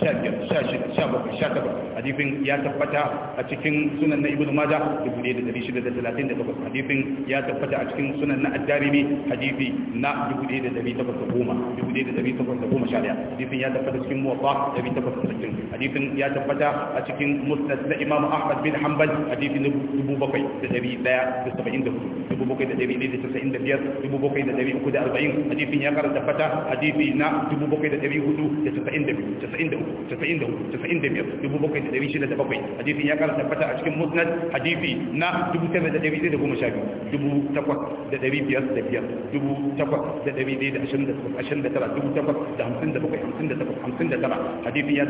A: sha biyar sha shida sha bakwai sha takwas hadifin ya tabbata a cikin sunan na ibnu maja dubu ɗaya da ɗari shida da talatin da takwas hadifin ya tabbata a cikin sunan na addarimi hadifi na dubu ɗaya da ɗari takwas da goma dubu ɗaya da ɗari takwas da goma sha ɗaya hadifin ya tabbata cikin muwafa ɗari takwas muslim hadisin ya tabbata a cikin musnad na imam ahmad bin hanbal hadisi na dubu bakwai da dari daya da saba'in da hudu dubu bakwai da dari da tasa'in da biyar dubu bakwai da dari uku da arba'in hadisin ya kara tabbata hadisi na dubu bakwai da dari hudu da tasa'in da biyu tasa'in da uku tasa'in da hudu tasa'in da biyar dubu bakwai da dari shida da bakwai hadisin ya kara tabbata a cikin musnad hadisi na dubu tara da dari da goma sha dubu takwas da dari biyar da biyar dubu takwas da dari da da ashirin da tara dubu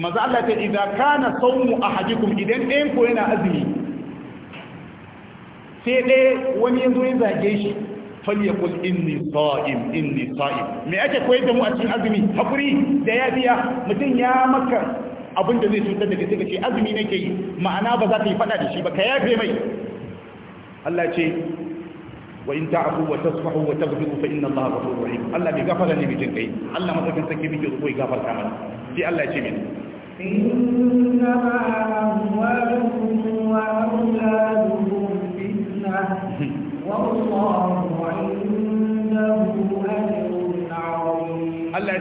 A: Maza Allah ta idza kana a ahadikum idan ɗayan ko yana azumi sai dai wani ya yanzu ya zage shi falyakul inni sa'im inni sa'im me ake koyar da mu a cikin azumi hakuri da ya biya mutum ya maka abin da zai cutar da gaske sai ce azumi nake yi ma'ana ba za ka yi fada da shi ba ka yafe mai Allah ce wa in ta'fu wa tasfahu wa taghfiru fa inna Allaha ghafurur rahim Allah bai gafara ne bijin kai Allah madaukin sarki bijin ruwai gafarta mana sai Allah ya ce mini Allah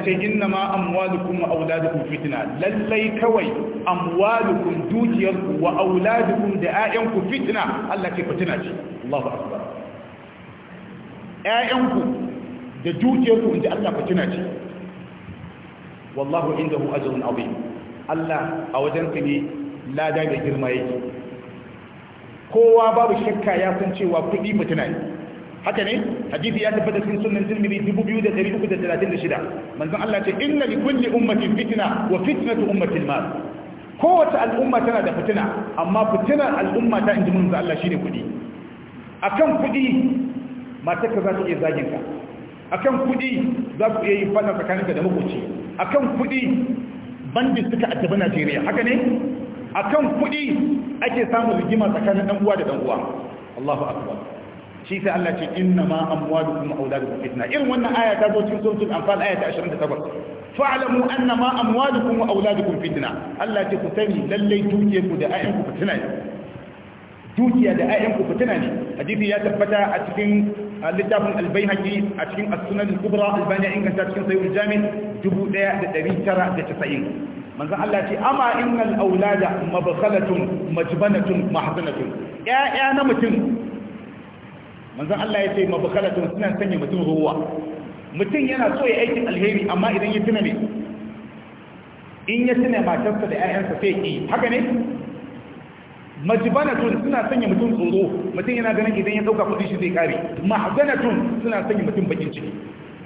A: ce inna ma amwalukum wa auladukum fitna lallai kawai amwalukum dukiyarku wa auladukum da ayyanku fitna Allah ce fitna ce Allahu akbar ayyanku da dukiyarku inda Allah fitna ce wallahu indahu ajrun azim Allah a wajen su ne lada da girma yake kowa babu shakka ya san cewa kuɗi mutuna ne haka ne hadisi ya tabbata cikin sunan tirmidhi 2336 manzon Allah ce inna li kulli ummatin fitna wa fitnatu ummatil mal kowace al'umma tana da fitina amma fitinar al'umma ta inji mun Allah shine kuɗi akan kuɗi matarka za ta iya zagin ka akan kuɗi za ku iya yin tsakanin ka da makoci akan kuɗi bandit suka addabi Najeriya haka ne a kan kuɗi ake samun rigima tsakanin dan uwa da dan uwa Allahu akbar shi sai Allah ce inna ma kuma amwalukum auladukum fitna irin wannan aya ta zo cikin suratul anfal aya ta 28 fa'lamu anna ma kuma wa auladukum fitna Allah ce ku sani lallai dukiyar ku da ayyan ku fitina ne dukiya da ayyan ku fitina ne hadisi ya tabbata a cikin littafin albayhaqi a cikin as-sunan kubra albani a inganta cikin dubu da sahih al-jami' 1990 manzo Allah ce amma innal aulada mabkhalatun majbanatun mahzanatun ya'ya na mutum manzo Allah ya ce mabkhalatun suna sanya mutum ruwa mutum yana so ya aikin alheri amma idan ya tuna ne in ya tuna matarsa da 'ya'yansa sai ki haka ne majibanatun suna sanya mutum tsoro mutum yana ganin idan ya dauka kudi shi zai kare mahzanatun suna sanya mutum bakin ciki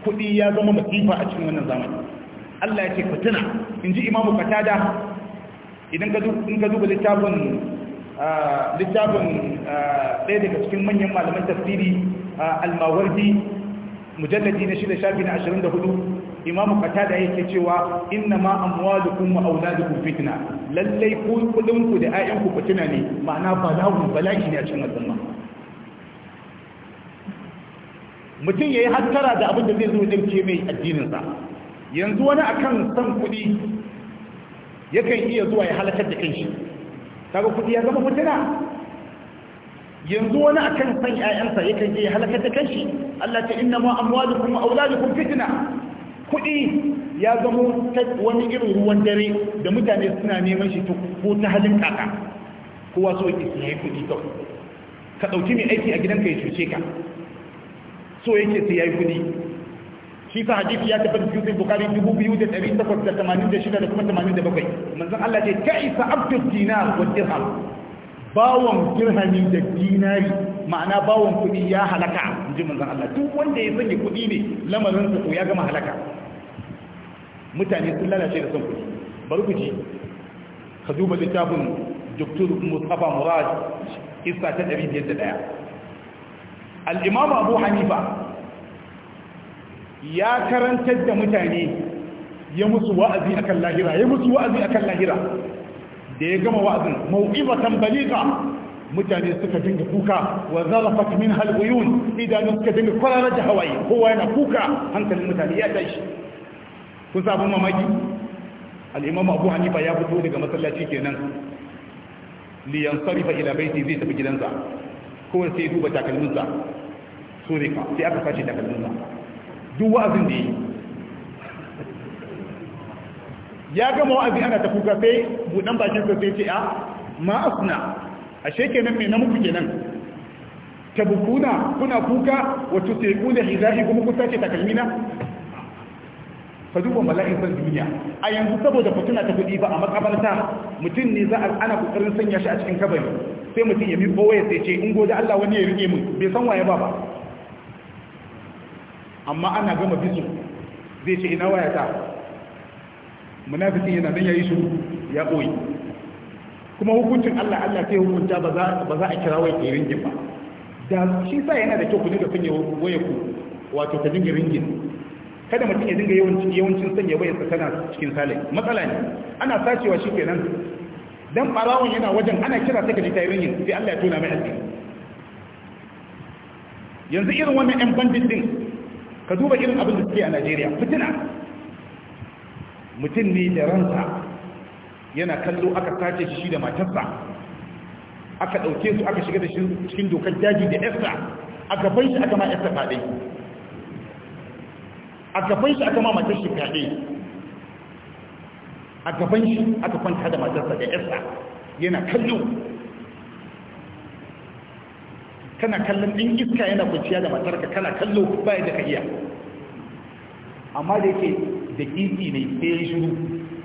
A: kudi ya zama masifa a cikin wannan zamani Allah ya ce fitina inji imamu katada idan ka in ka duba littafin ah, littafin ah, ɗaya daga cikin manyan malaman tafsiri ah, al-mawardi mujalladi na shida shafi na 24 imam qatada yake cewa inna ma amwalukum wa auladukum fitna lalle ku kudin ku da ayyan ku fitina ne ma'ana ba bala'un bala'i ne a cikin al'umma mutum yayi hattara da abin da zai zo ke mai addinin sa yanzu wani akan san kudi yakan iya zuwa ya halakar da kanshi kaga kudi ya zama fitina yanzu wani akan san ƴaƴansa yakan iya halakar da kanshi Allah ta inna ma amwalukum wa auladukum fitna kuɗi ya zamo wani irin ruwan dare da mutane suna neman shi ko ta halin kaka kowa so yake su yi kuɗi kawai ka ɗauki mai aiki a gidanka ya cuce ka so yake su yi kuɗi shi sa hadisi ya tabbata cikin sai bukari 2886 da kuma 87 manzon Allah ce isa abdul dinar wa dirham bawon dirhami da dinari ma'ana bawon kuɗi ya halaka in ji manzon Allah duk wanda ya sanya kuɗi ne lamarin ko ya gama halaka mutane sun lalace da son kuɗi bari ku ji ka duba littafin doktor mustapha murad isa ta 501 al'imam abu hanifa ya karantar da mutane ya musu wa'azi akan lahira ya musu wa'azi akan lahira da ya gama wa'azin mau'ibatan baliga mutane suka dinga kuka wa zarafat min haluyun idanun suka dinga kwararar da hawaye kowa yana kuka hankalin mutane ya tashi kun sabon mamaki al'imamu abu hanifa ya fito daga masallaci kenan liyan sarifa ila baiti zai tafi gidansa kowai sai duba takalminsa so ne sai aka fashe takalminsa duk wa'azin da yi ya gama wa'azi ana ta kuka sai buɗan bakin sa sai ce a ma asna ashe kenan me na muku kenan tabukuna kuna kuka wato sai kula hizahi kuma kusa ce takalmina ka duba mala'ikar duniya a yanzu saboda fituna ta kudi ba a makabarta mutum ne za a ana kokarin sanya shi a cikin kabari sai mutum ya miƙo waya sai ce in gode Allah wani ya rike min bai san waye ba ba amma ana gama bisu zai ce ina waya ta munafikin yana dan yayi ya koyi kuma hukuncin Allah Allah sai hukunta ba za ba za a kira waya ke ringin ba da shi sa yana da kyau ku dinga sanya waya ku wato ta dinga ringin kada mutum ya dinga yawancin sanya wayarsa tana cikin salai matsala ne ana sacewa shi kenan dan farawon yana wajen ana kira sai ka ji tayirin yin sai Allah ya tona mai asiri yanzu irin wannan ɗan bandit din ka duba irin abin da suke a Najeriya fitina mutum ne da ransa yana kallo aka sace shi da matarsa aka ɗauke su aka shiga da cikin dokar daji da 'yasta, aka bai shi aka ma 'yasta faɗi a gaban shi aka ma matar shi fyaɗe a gaban shi aka kwanta da matarsa da yasa yana kallo kana kallon ɗin iska yana kwanciya da matarka kana kallo baya da ka iya amma da yake da kiki ne sai ya shiru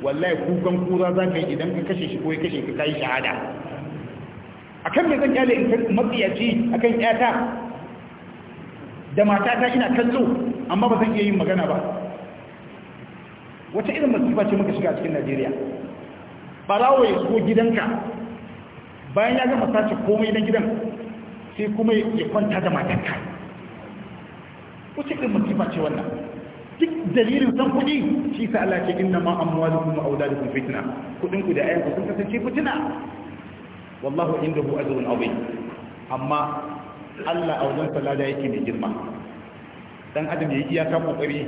A: wallahi kukan kura za ka yi idan ka kashe shi ko ya kashe ka kayi shahada a kan mai zan kyale in matsiyaci a kan ƴata da matata ina kallo amma ba zan iya yin magana ba wata irin masifa ce muka shiga cikin najeriya barawo ya shigo gidanka bayan ya gama sace komai na gidan sai kuma ya kwanta da matanka wata irin masifa ce wannan duk dalilin san kuɗi shi sa Allah ce inna ma amwalukum wa auladukum fitna kuɗin ku da ayan ku sun kasance fitina wallahu indahu ajrun azim amma Allah a wajen salada yake mai girma dan adam yayi iyaka kokari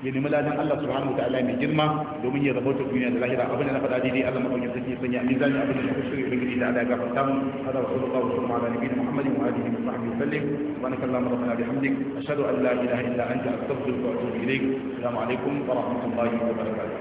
A: ya nemi ladan Allah subhanahu wataala mai girma domin ya rabauta duniya da lahira abin da na faɗa daidai Allah madaukakin sarki ya sanya zani abin da ya kuskure ubangiji da Allah ya gafarta mu hada wa sallallahu alaihi wa sallam ala nabiyina muhammadin wa alihi wa sahbihi sallim subhanaka allahumma rabbana bihamdik ashhadu an la ilaha illa anta astaghfiruka wa atubu ilaik assalamu alaikum wa rahmatullahi wa barakatuh